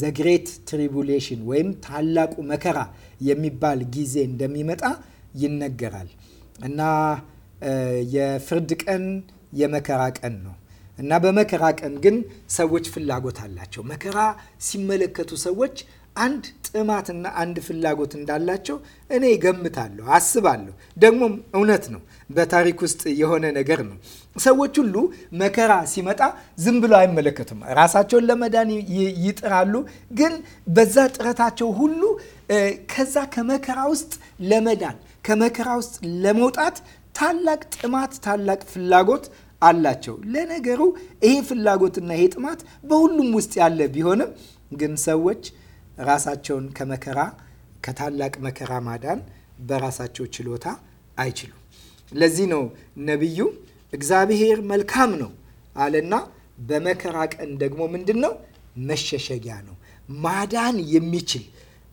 ዘግሬት ትሪቡሌሽን ወይም ታላቁ መከራ የሚባል ጊዜ እንደሚመጣ ይነገራል እና የፍርድ ቀን የመከራ ቀን ነው እና በመከራ ቀን ግን ሰዎች ፍላጎት አላቸው። መከራ ሲመለከቱ ሰዎች አንድ ጥማትና አንድ ፍላጎት እንዳላቸው እኔ ገምታለሁ፣ አስባለሁ። ደግሞም እውነት ነው። በታሪክ ውስጥ የሆነ ነገር ነው። ሰዎች ሁሉ መከራ ሲመጣ ዝም ብሎ አይመለከቱም። ራሳቸውን ለመዳን ይጥራሉ። ግን በዛ ጥረታቸው ሁሉ ከዛ ከመከራ ውስጥ ለመዳን ከመከራ ውስጥ ለመውጣት ታላቅ ጥማት፣ ታላቅ ፍላጎት አላቸው። ለነገሩ ይሄ ፍላጎትና ይሄ ጥማት በሁሉም ውስጥ ያለ ቢሆንም ግን ሰዎች ራሳቸውን ከመከራ ከታላቅ መከራ ማዳን በራሳቸው ችሎታ አይችሉም። ለዚህ ነው ነቢዩ እግዚአብሔር መልካም ነው አለና በመከራ ቀን ደግሞ ምንድን ነው መሸሸጊያ ነው። ማዳን የሚችል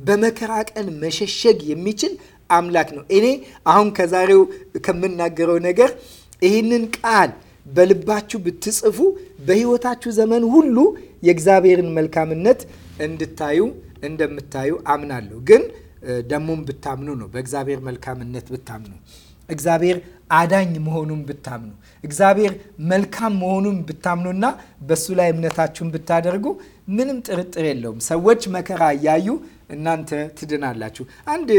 በመከራ ቀን መሸሸግ የሚችል አምላክ ነው። እኔ አሁን ከዛሬው ከምናገረው ነገር ይህንን ቃል በልባችሁ ብትጽፉ በሕይወታችሁ ዘመን ሁሉ የእግዚአብሔርን መልካምነት እንድታዩ እንደምታዩ አምናለሁ። ግን ደግሞም ብታምኑ ነው በእግዚአብሔር መልካምነት ብታምኑ እግዚአብሔር አዳኝ መሆኑን ብታምኑ እግዚአብሔር መልካም መሆኑን ብታምኑና በእሱ ላይ እምነታችሁን ብታደርጉ ምንም ጥርጥር የለውም። ሰዎች መከራ እያዩ እናንተ ትድናላችሁ። አንድ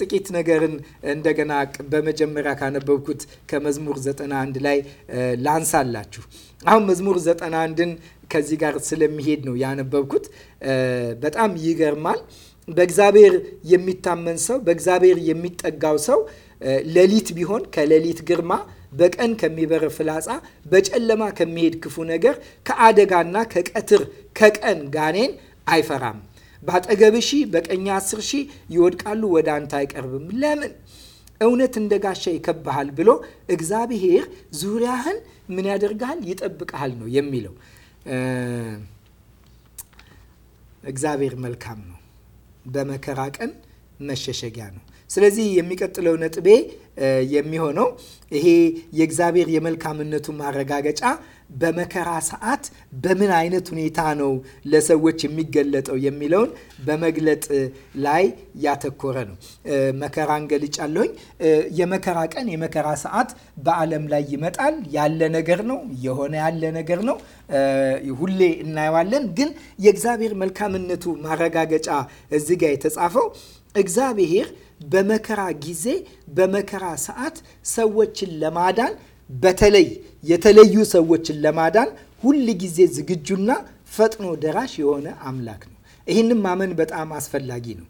ጥቂት ነገርን እንደገና በመጀመሪያ ካነበብኩት ከመዝሙር ዘጠና አንድ ላይ ላንሳላችሁ። አሁን መዝሙር ዘጠና አንድን ከዚህ ጋር ስለሚሄድ ነው ያነበብኩት። በጣም ይገርማል። በእግዚአብሔር የሚታመን ሰው በእግዚአብሔር የሚጠጋው ሰው ሌሊት ቢሆን ከሌሊት ግርማ በቀን ከሚበር ፍላጻ በጨለማ ከሚሄድ ክፉ ነገር ከአደጋና ከቀትር ከቀን ጋኔን አይፈራም። በአጠገብ ሺህ በቀኝ አስር ሺህ ይወድቃሉ፣ ወደ አንተ አይቀርብም። ለምን እውነት እንደ ጋሻ ይከብሃል ብሎ እግዚአብሔር ዙሪያህን ምን ያደርግሃል? ይጠብቅሃል ነው የሚለው። እግዚአብሔር መልካም ነው። በመከራ ቀን መሸሸጊያ ነው። ስለዚህ የሚቀጥለው ነጥቤ የሚሆነው ይሄ የእግዚአብሔር የመልካምነቱ ማረጋገጫ በመከራ ሰዓት በምን አይነት ሁኔታ ነው ለሰዎች የሚገለጠው የሚለውን በመግለጥ ላይ ያተኮረ ነው። መከራ እንገልጫለሁኝ። የመከራ ቀን የመከራ ሰዓት በዓለም ላይ ይመጣል። ያለ ነገር ነው፣ የሆነ ያለ ነገር ነው። ሁሌ እናየዋለን። ግን የእግዚአብሔር መልካምነቱ ማረጋገጫ እዚህ ጋር የተጻፈው እግዚአብሔር በመከራ ጊዜ በመከራ ሰዓት ሰዎችን ለማዳን በተለይ የተለዩ ሰዎችን ለማዳን ሁል ጊዜ ዝግጁና ፈጥኖ ደራሽ የሆነ አምላክ ነው። ይህንም ማመን በጣም አስፈላጊ ነው።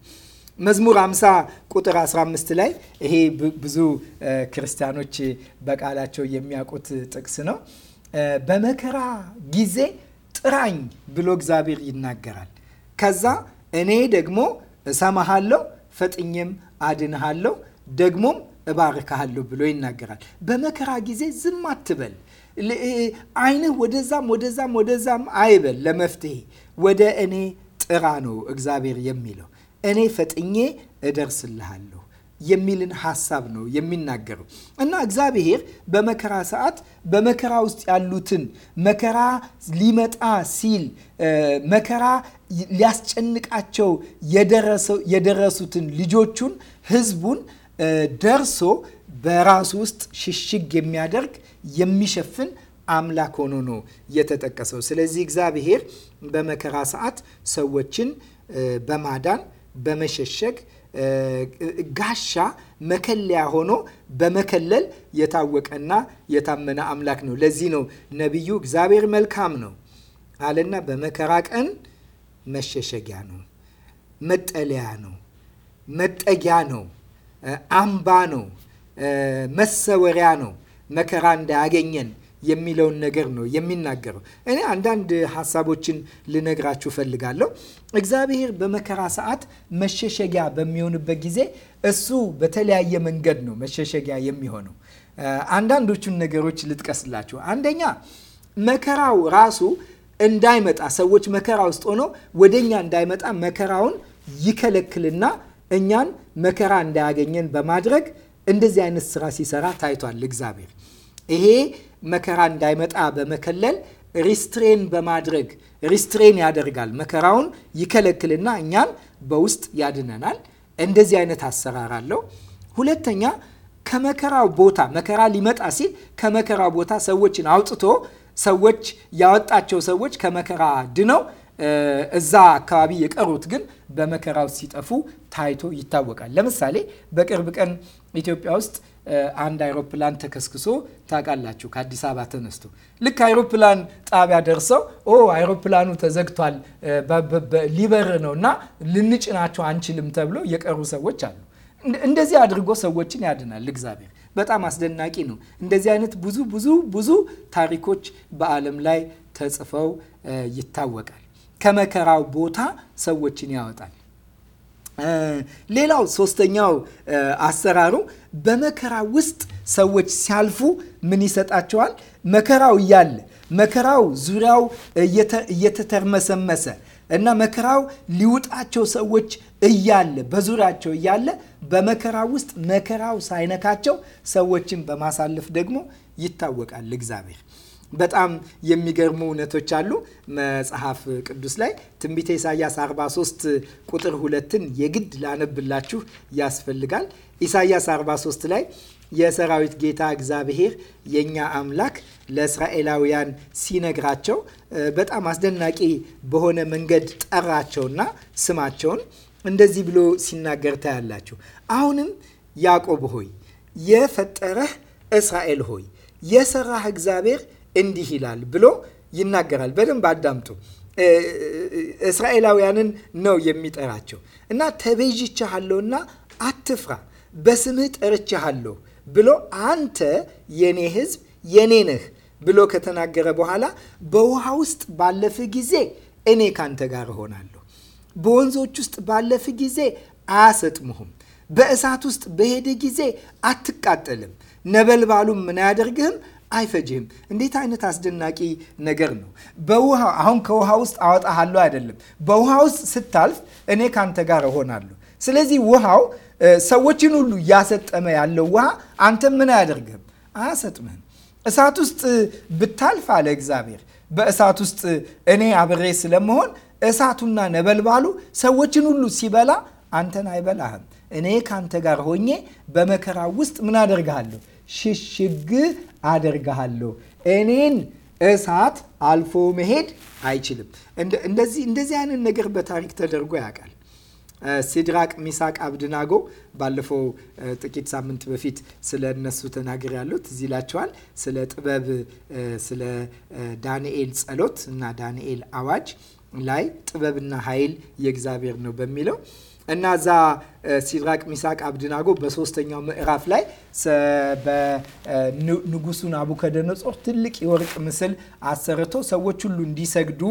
መዝሙር 50 ቁጥር 15 ላይ ይሄ ብዙ ክርስቲያኖች በቃላቸው የሚያውቁት ጥቅስ ነው። በመከራ ጊዜ ጥራኝ ብሎ እግዚአብሔር ይናገራል። ከዛ እኔ ደግሞ እሰማሃለሁ፣ ፈጥኜም አድንሃለሁ፣ ደግሞም እባርካሃለሁ ብሎ ይናገራል። በመከራ ጊዜ ዝም አትበል። አይንህ ወደዛም ወደዛም ወደዛም አይበል። ለመፍትሄ ወደ እኔ ጥራ ነው እግዚአብሔር የሚለው። እኔ ፈጥኜ እደርስልሃለሁ የሚልን ሀሳብ ነው የሚናገረው እና እግዚአብሔር በመከራ ሰዓት በመከራ ውስጥ ያሉትን መከራ ሊመጣ ሲል መከራ ሊያስጨንቃቸው የደረሱትን ልጆቹን ህዝቡን ደርሶ በራሱ ውስጥ ሽሽግ የሚያደርግ የሚሸፍን አምላክ ሆኖ ነው የተጠቀሰው። ስለዚህ እግዚአብሔር በመከራ ሰዓት ሰዎችን በማዳን በመሸሸግ ጋሻ መከለያ ሆኖ በመከለል የታወቀና የታመነ አምላክ ነው። ለዚህ ነው ነቢዩ እግዚአብሔር መልካም ነው አለና በመከራ ቀን መሸሸጊያ ነው፣ መጠለያ ነው፣ መጠጊያ ነው፣ አምባ ነው፣ መሰወሪያ ነው። መከራ እንዳያገኘን የሚለውን ነገር ነው የሚናገረው። እኔ አንዳንድ ሀሳቦችን ልነግራችሁ ፈልጋለሁ። እግዚአብሔር በመከራ ሰዓት መሸሸጊያ በሚሆንበት ጊዜ እሱ በተለያየ መንገድ ነው መሸሸጊያ የሚሆነው። አንዳንዶቹን ነገሮች ልጥቀስላችሁ። አንደኛ መከራው ራሱ እንዳይመጣ ሰዎች መከራ ውስጥ ሆኖ ወደኛ እንዳይመጣ መከራውን ይከለክልና እኛን መከራ እንዳያገኘን በማድረግ እንደዚህ አይነት ስራ ሲሰራ ታይቷል እግዚአብሔር ይሄ መከራ እንዳይመጣ በመከለል ሪስትሬን በማድረግ ሪስትሬን ያደርጋል። መከራውን ይከለክልና እኛን በውስጥ ያድነናል። እንደዚህ አይነት አሰራር አለው። ሁለተኛ ከመከራው ቦታ መከራ ሊመጣ ሲል ከመከራው ቦታ ሰዎችን አውጥቶ ሰዎች ያወጣቸው ሰዎች ከመከራ ድነው እዛ አካባቢ የቀሩት ግን በመከራው ሲጠፉ ታይቶ ይታወቃል። ለምሳሌ በቅርብ ቀን ኢትዮጵያ ውስጥ አንድ አይሮፕላን ተከስክሶ ታውቃላችሁ። ከአዲስ አበባ ተነስቶ ልክ አይሮፕላን ጣቢያ ደርሰው ኦ አይሮፕላኑ ተዘግቷል ሊበር ነው እና ልንጭናቸው አንችልም ተብሎ የቀሩ ሰዎች አሉ። እንደዚህ አድርጎ ሰዎችን ያድናል እግዚአብሔር። በጣም አስደናቂ ነው። እንደዚህ አይነት ብዙ ብዙ ብዙ ታሪኮች በዓለም ላይ ተጽፈው ይታወቃል። ከመከራው ቦታ ሰዎችን ያወጣል። ሌላው ሶስተኛው አሰራሩ በመከራ ውስጥ ሰዎች ሲያልፉ ምን ይሰጣቸዋል? መከራው እያለ መከራው ዙሪያው እየተተርመሰመሰ እና መከራው ሊውጣቸው ሰዎች እያለ በዙሪያቸው እያለ በመከራ ውስጥ መከራው ሳይነካቸው ሰዎችን በማሳለፍ ደግሞ ይታወቃል እግዚአብሔር። በጣም የሚገርሙ እውነቶች አሉ። መጽሐፍ ቅዱስ ላይ ትንቢተ ኢሳያስ 43 ቁጥር ሁለትን የግድ ላነብላችሁ ያስፈልጋል። ኢሳያስ 43 ላይ የሰራዊት ጌታ እግዚአብሔር የእኛ አምላክ ለእስራኤላውያን ሲነግራቸው በጣም አስደናቂ በሆነ መንገድ ጠራቸውና ስማቸውን እንደዚህ ብሎ ሲናገር ታያላችሁ። አሁንም ያዕቆብ ሆይ የፈጠረህ እስራኤል ሆይ የሰራህ እግዚአብሔር እንዲህ ይላል ብሎ ይናገራል። በደንብ አዳምጡ። እስራኤላውያንን ነው የሚጠራቸው እና ተቤዥቻሃለሁና አትፍራ፣ በስምህ ጠርቻሃለሁ ብሎ አንተ የኔ ህዝብ የኔ ነህ ብሎ ከተናገረ በኋላ በውሃ ውስጥ ባለፍ ጊዜ እኔ ካንተ ጋር እሆናለሁ፣ በወንዞች ውስጥ ባለፍ ጊዜ አያሰጥምሁም በእሳት ውስጥ በሄደ ጊዜ አትቃጠልም፣ ነበልባሉም ምን አያደርግህም አይፈጅህም። እንዴት አይነት አስደናቂ ነገር ነው! በውሃ አሁን ከውሃ ውስጥ አወጣሃለሁ አይደለም፣ በውሃ ውስጥ ስታልፍ እኔ ካንተ ጋር እሆናለሁ። ስለዚህ ውሃው ሰዎችን ሁሉ እያሰጠመ ያለው ውሃ አንተም ምን አያደርግህም፣ አያሰጥምህም። እሳት ውስጥ ብታልፍ አለ እግዚአብሔር፣ በእሳት ውስጥ እኔ አብሬ ስለመሆን እሳቱና ነበልባሉ ሰዎችን ሁሉ ሲበላ አንተን አይበላህም። እኔ ከአንተ ጋር ሆኜ በመከራ ውስጥ ምን አደርግሃለሁ ሽሽግ አደርግሃለሁ። እኔን እሳት አልፎ መሄድ አይችልም። እንደዚህ እንደዚህ አይነት ነገር በታሪክ ተደርጎ ያውቃል። ሲድራቅ፣ ሚሳቅ፣ አብድናጎ ባለፈው ጥቂት ሳምንት በፊት ስለ እነሱ ተናገር ያሉት እዚህ ይላቸዋል። ስለ ጥበብ ስለ ዳንኤል ጸሎት እና ዳንኤል አዋጅ ላይ ጥበብና ኃይል የእግዚአብሔር ነው በሚለው እና እዛ ሲድራቅ ሚሳቅ አብድናጎ በሶስተኛው ምዕራፍ ላይ በንጉሱ ናቡከደነጾር ትልቅ የወርቅ ምስል አሰርቶ ሰዎች ሁሉ እንዲሰግዱ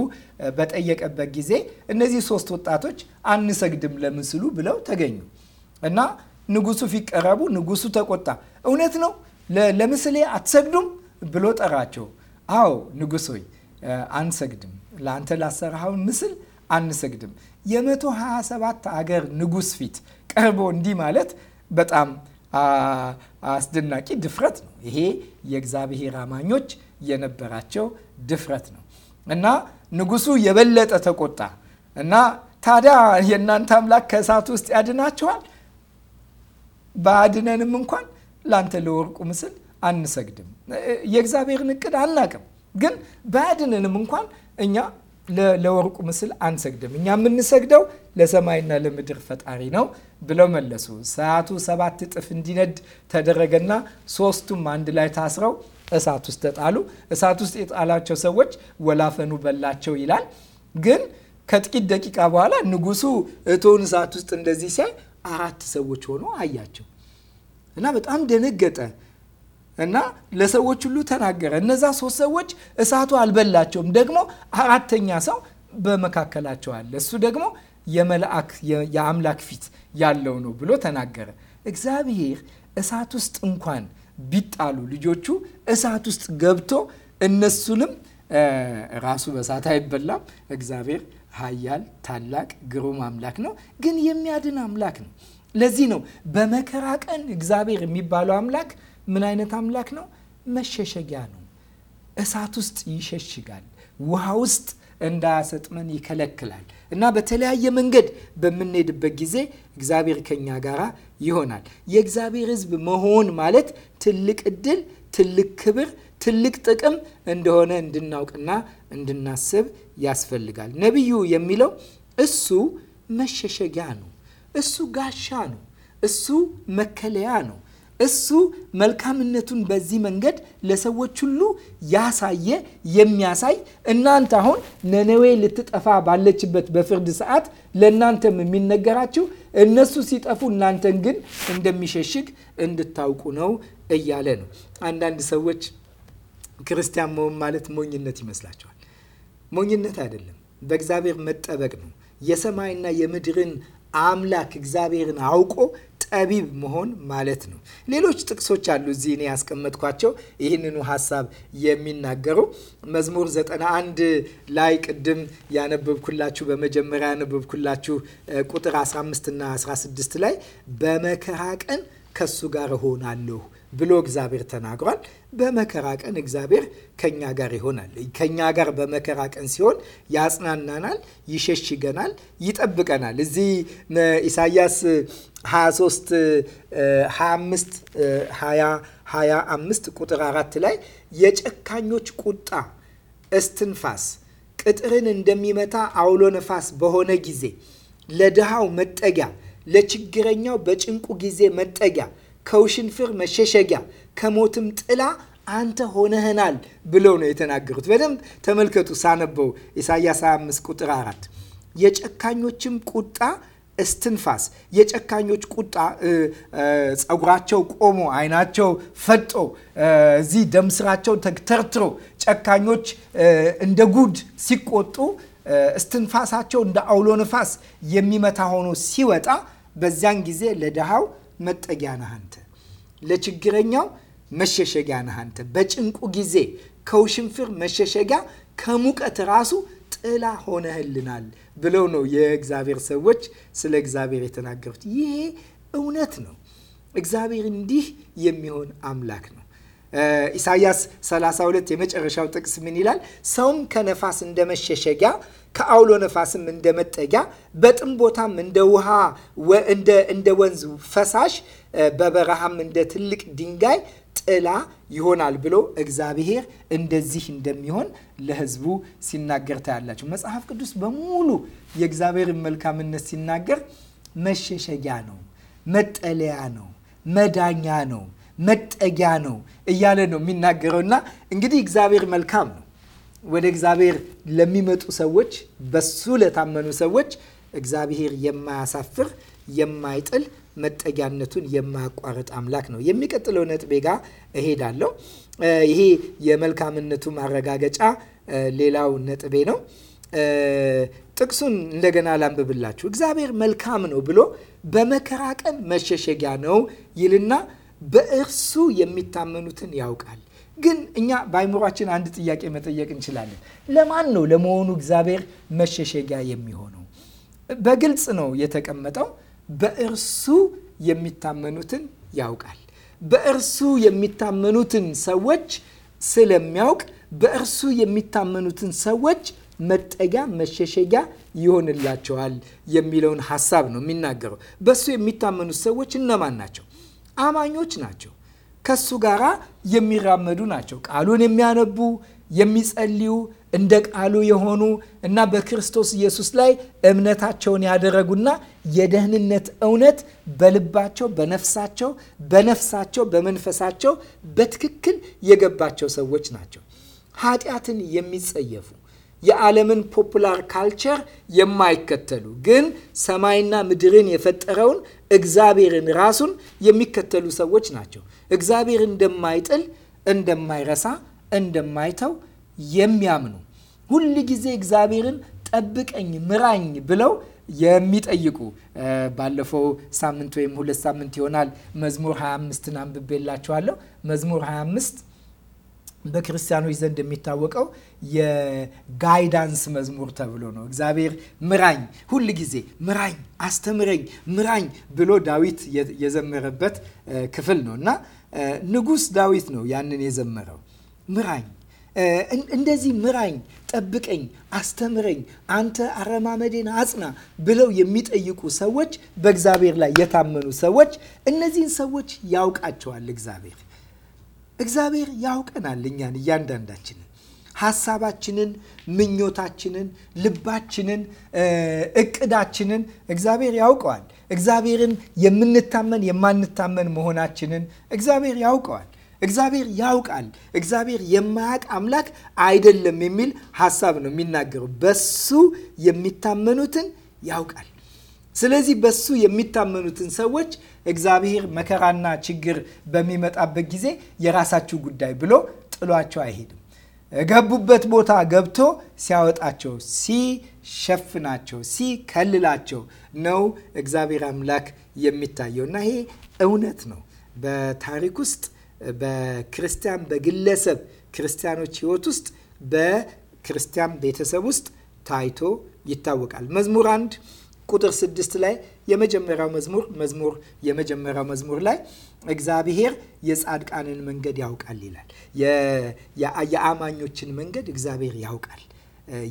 በጠየቀበት ጊዜ እነዚህ ሶስት ወጣቶች አንሰግድም ለምስሉ ብለው ተገኙ እና ንጉሱ ፊት ቀረቡ። ንጉሱ ተቆጣ። እውነት ነው ለምስሌ አትሰግዱም ብሎ ጠራቸው። አዎ ንጉሶይ አንሰግድም፣ ለአንተ ላሰራኸውን ምስል አንሰግድም የመቶ 27 አገር ንጉስ ፊት ቀርቦ እንዲህ ማለት በጣም አስደናቂ ድፍረት ነው። ይሄ የእግዚአብሔር አማኞች የነበራቸው ድፍረት ነው እና ንጉሱ የበለጠ ተቆጣ እና ታዲያ የእናንተ አምላክ ከእሳት ውስጥ ያድናቸዋል በአድነንም እንኳን ላንተ ለወርቁ ምስል አንሰግድም። የእግዚአብሔርን እቅድ አናቅም፣ ግን በአድነንም እንኳን እኛ ለወርቁ ምስል አንሰግድም፣ እኛ የምንሰግደው ለሰማይና ለምድር ፈጣሪ ነው ብለው መለሱ። ሰዓቱ ሰባት እጥፍ እንዲነድ ተደረገና ሶስቱም አንድ ላይ ታስረው እሳት ውስጥ ተጣሉ። እሳት ውስጥ የጣላቸው ሰዎች ወላፈኑ በላቸው ይላል። ግን ከጥቂት ደቂቃ በኋላ ንጉሱ እቶን እሳት ውስጥ እንደዚህ ሲያይ አራት ሰዎች ሆኖ አያቸው እና በጣም ደነገጠ። እና ለሰዎች ሁሉ ተናገረ። እነዛ ሶስት ሰዎች እሳቱ አልበላቸውም። ደግሞ አራተኛ ሰው በመካከላቸው አለ። እሱ ደግሞ የመልአክ የአምላክ ፊት ያለው ነው ብሎ ተናገረ። እግዚአብሔር እሳት ውስጥ እንኳን ቢጣሉ ልጆቹ እሳት ውስጥ ገብቶ እነሱንም ራሱ በእሳት አይበላም። እግዚአብሔር ኃያል ታላቅ ግሩም አምላክ ነው፣ ግን የሚያድን አምላክ ነው። ለዚህ ነው በመከራ ቀን እግዚአብሔር የሚባለው አምላክ ምን አይነት አምላክ ነው? መሸሸጊያ ነው። እሳት ውስጥ ይሸሽጋል። ውሃ ውስጥ እንዳያሰጥመን ይከለክላል። እና በተለያየ መንገድ በምንሄድበት ጊዜ እግዚአብሔር ከኛ ጋር ይሆናል። የእግዚአብሔር ሕዝብ መሆን ማለት ትልቅ እድል፣ ትልቅ ክብር፣ ትልቅ ጥቅም እንደሆነ እንድናውቅና እንድናስብ ያስፈልጋል። ነቢዩ የሚለው እሱ መሸሸጊያ ነው፣ እሱ ጋሻ ነው፣ እሱ መከለያ ነው፣ እሱ መልካምነቱን በዚህ መንገድ ለሰዎች ሁሉ ያሳየ የሚያሳይ እናንተ አሁን ነነዌ ልትጠፋ ባለችበት በፍርድ ሰዓት ለእናንተም የሚነገራችሁ እነሱ ሲጠፉ እናንተን ግን እንደሚሸሽግ እንድታውቁ ነው እያለ ነው። አንዳንድ ሰዎች ክርስቲያን መሆን ማለት ሞኝነት ይመስላቸዋል። ሞኝነት አይደለም፣ በእግዚአብሔር መጠበቅ ነው። የሰማይና የምድርን አምላክ እግዚአብሔርን አውቆ ጠቢብ መሆን ማለት ነው። ሌሎች ጥቅሶች አሉ እዚህ እኔ ያስቀመጥኳቸው ይህንኑ ሀሳብ የሚናገሩ መዝሙር 91 ላይ ቅድም ያነበብኩላችሁ በመጀመሪያ ያነበብኩላችሁ ቁጥር 15 እና 16 ላይ በመከራ ቀን ከሱ ጋር እሆናለሁ ብሎ እግዚአብሔር ተናግሯል። በመከራ ቀን እግዚአብሔር ከኛ ጋር ይሆናል። ከኛ ጋር በመከራ ቀን ሲሆን ያጽናናናል፣ ይሸሽገናል፣ ይጠብቀናል። እዚህ ኢሳያስ 23 25 20 25 ቁጥር 4 ላይ የጨካኞች ቁጣ እስትንፋስ ቅጥርን እንደሚመታ አውሎ ነፋስ በሆነ ጊዜ ለድሃው መጠጊያ ለችግረኛው በጭንቁ ጊዜ መጠጊያ ከውሽንፍር መሸሸጊያ ከሞትም ጥላ አንተ ሆነህናል ብለው ነው የተናገሩት። በደንብ ተመልከቱ ሳነበው ኢሳያስ 25 ቁጥር 4 የጨካኞችም ቁጣ እስትንፋስ የጨካኞች ቁጣ ጸጉራቸው ቆሞ አይናቸው ፈጦ እዚህ ደም ስራቸው ተርትሮ ጨካኞች እንደ ጉድ ሲቆጡ እስትንፋሳቸው እንደ አውሎ ንፋስ የሚመታ ሆኖ ሲወጣ በዚያን ጊዜ ለድሃው መጠጊያ ነህ አንተ፣ ለችግረኛው መሸሸጊያ ነህ አንተ። በጭንቁ ጊዜ ከውሽንፍር መሸሸጊያ ከሙቀት ራሱ ጥላ ሆነህልናል ብለው ነው የእግዚአብሔር ሰዎች ስለ እግዚአብሔር የተናገሩት። ይሄ እውነት ነው። እግዚአብሔር እንዲህ የሚሆን አምላክ ነው። ኢሳያስ 32 የመጨረሻው ጥቅስ ምን ይላል? ሰውም ከነፋስ እንደ መሸሸጊያ ከአውሎ ነፋስም እንደ መጠጊያ በጥም ቦታም እንደ ውሃ እንደ ወንዝ ፈሳሽ በበረሃም እንደ ትልቅ ድንጋይ ጥላ ይሆናል ብሎ እግዚአብሔር እንደዚህ እንደሚሆን ለሕዝቡ ሲናገር ታያላቸው። መጽሐፍ ቅዱስ በሙሉ የእግዚአብሔርን መልካምነት ሲናገር መሸሸጊያ ነው፣ መጠለያ ነው፣ መዳኛ ነው፣ መጠጊያ ነው እያለ ነው የሚናገረው እና እንግዲህ እግዚአብሔር መልካም ነው ወደ እግዚአብሔር ለሚመጡ ሰዎች፣ በሱ ለታመኑ ሰዎች እግዚአብሔር የማያሳፍር የማይጥል መጠጊያነቱን የማያቋርጥ አምላክ ነው። የሚቀጥለው ነጥቤ ጋር እሄዳለሁ። ይሄ የመልካምነቱ ማረጋገጫ ሌላው ነጥቤ ነው። ጥቅሱን እንደገና ላንብብላችሁ። እግዚአብሔር መልካም ነው ብሎ በመከራ ቀን መሸሸጊያ ነው ይልና በእርሱ የሚታመኑትን ያውቃል። ግን እኛ በአይምሯችን አንድ ጥያቄ መጠየቅ እንችላለን። ለማን ነው ለመሆኑ እግዚአብሔር መሸሸጊያ የሚሆነው? በግልጽ ነው የተቀመጠው። በእርሱ የሚታመኑትን ያውቃል። በእርሱ የሚታመኑትን ሰዎች ስለሚያውቅ በእርሱ የሚታመኑትን ሰዎች መጠጊያ መሸሸጊያ ይሆንላቸዋል የሚለውን ሀሳብ ነው የሚናገረው። በእሱ የሚታመኑት ሰዎች እነማን ናቸው? አማኞች ናቸው። ከሱ ጋር የሚራመዱ ናቸው። ቃሉን የሚያነቡ የሚጸልዩ፣ እንደ ቃሉ የሆኑ እና በክርስቶስ ኢየሱስ ላይ እምነታቸውን ያደረጉና የደህንነት እውነት በልባቸው፣ በነፍሳቸው በነፍሳቸው በመንፈሳቸው በትክክል የገባቸው ሰዎች ናቸው። ኃጢአትን የሚጸየፉ የዓለምን ፖፑላር ካልቸር የማይከተሉ ግን ሰማይና ምድርን የፈጠረውን እግዚአብሔርን ራሱን የሚከተሉ ሰዎች ናቸው። እግዚአብሔር እንደማይጥል፣ እንደማይረሳ፣ እንደማይተው የሚያምኑ ሁል ጊዜ እግዚአብሔርን ጠብቀኝ፣ ምራኝ ብለው የሚጠይቁ ባለፈው ሳምንት ወይም ሁለት ሳምንት ይሆናል መዝሙር 25ን አንብቤላችኋለሁ። መዝሙር 25 በክርስቲያኖች ዘንድ የሚታወቀው የጋይዳንስ መዝሙር ተብሎ ነው። እግዚአብሔር ምራኝ፣ ሁል ጊዜ ምራኝ፣ አስተምረኝ፣ ምራኝ ብሎ ዳዊት የዘመረበት ክፍል ነው እና ንጉሥ ዳዊት ነው ያንን የዘመረው ምራኝ እንደዚህ ምራኝ፣ ጠብቀኝ፣ አስተምረኝ፣ አንተ አረማመዴን አጽና ብለው የሚጠይቁ ሰዎች፣ በእግዚአብሔር ላይ የታመኑ ሰዎች፣ እነዚህን ሰዎች ያውቃቸዋል እግዚአብሔር እግዚአብሔር ያውቀናል እኛን እያንዳንዳችንን ሀሳባችንን፣ ምኞታችንን፣ ልባችንን፣ እቅዳችንን እግዚአብሔር ያውቀዋል። እግዚአብሔርን የምንታመን የማንታመን መሆናችንን እግዚአብሔር ያውቀዋል። እግዚአብሔር ያውቃል። እግዚአብሔር የማያውቅ አምላክ አይደለም የሚል ሀሳብ ነው የሚናገረው። በሱ የሚታመኑትን ያውቃል። ስለዚህ በሱ የሚታመኑትን ሰዎች እግዚአብሔር መከራና ችግር በሚመጣበት ጊዜ የራሳችሁ ጉዳይ ብሎ ጥሏቸው አይሄድም። ገቡበት ቦታ ገብቶ ሲያወጣቸው፣ ሲሸፍናቸው፣ ሲከልላቸው ነው እግዚአብሔር አምላክ የሚታየው እና ይሄ እውነት ነው። በታሪክ ውስጥ በክርስቲያን በግለሰብ ክርስቲያኖች ሕይወት ውስጥ በክርስቲያን ቤተሰብ ውስጥ ታይቶ ይታወቃል። መዝሙር አንድ ቁጥር ስድስት ላይ የመጀመሪያው መዝሙር መዝሙር የመጀመሪያው መዝሙር ላይ እግዚአብሔር የጻድቃንን መንገድ ያውቃል ይላል። የአማኞችን መንገድ እግዚአብሔር ያውቃል።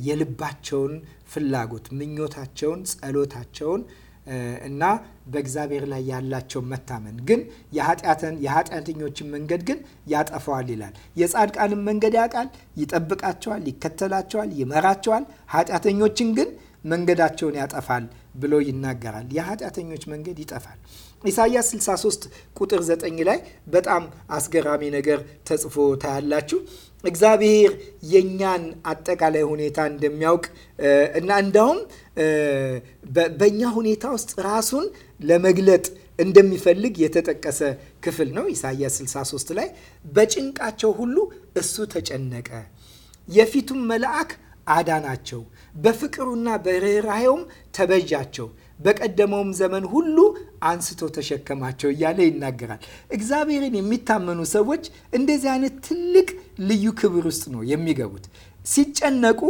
የልባቸውን ፍላጎት፣ ምኞታቸውን፣ ጸሎታቸውን እና በእግዚአብሔር ላይ ያላቸው መታመን ግን የኃጢአተኞችን መንገድ ግን ያጠፈዋል ይላል። የጻድቃንን መንገድ ያውቃል፣ ይጠብቃቸዋል፣ ይከተላቸዋል፣ ይመራቸዋል። ኃጢአተኞችን ግን መንገዳቸውን ያጠፋል ብሎ ይናገራል። የኃጢአተኞች መንገድ ይጠፋል። ኢሳይያስ 63 ቁጥር 9 ላይ በጣም አስገራሚ ነገር ተጽፎ ታያላችሁ። እግዚአብሔር የእኛን አጠቃላይ ሁኔታ እንደሚያውቅ እና እንዳውም በእኛ ሁኔታ ውስጥ ራሱን ለመግለጥ እንደሚፈልግ የተጠቀሰ ክፍል ነው። ኢሳይያስ 63 ላይ በጭንቃቸው ሁሉ እሱ ተጨነቀ፣ የፊቱም መልአክ አዳናቸው። በፍቅሩና በርኅራኄውም ተበጃቸው፣ በቀደመውም ዘመን ሁሉ አንስቶ ተሸከማቸው እያለ ይናገራል። እግዚአብሔርን የሚታመኑ ሰዎች እንደዚህ አይነት ትልቅ ልዩ ክብር ውስጥ ነው የሚገቡት። ሲጨነቁ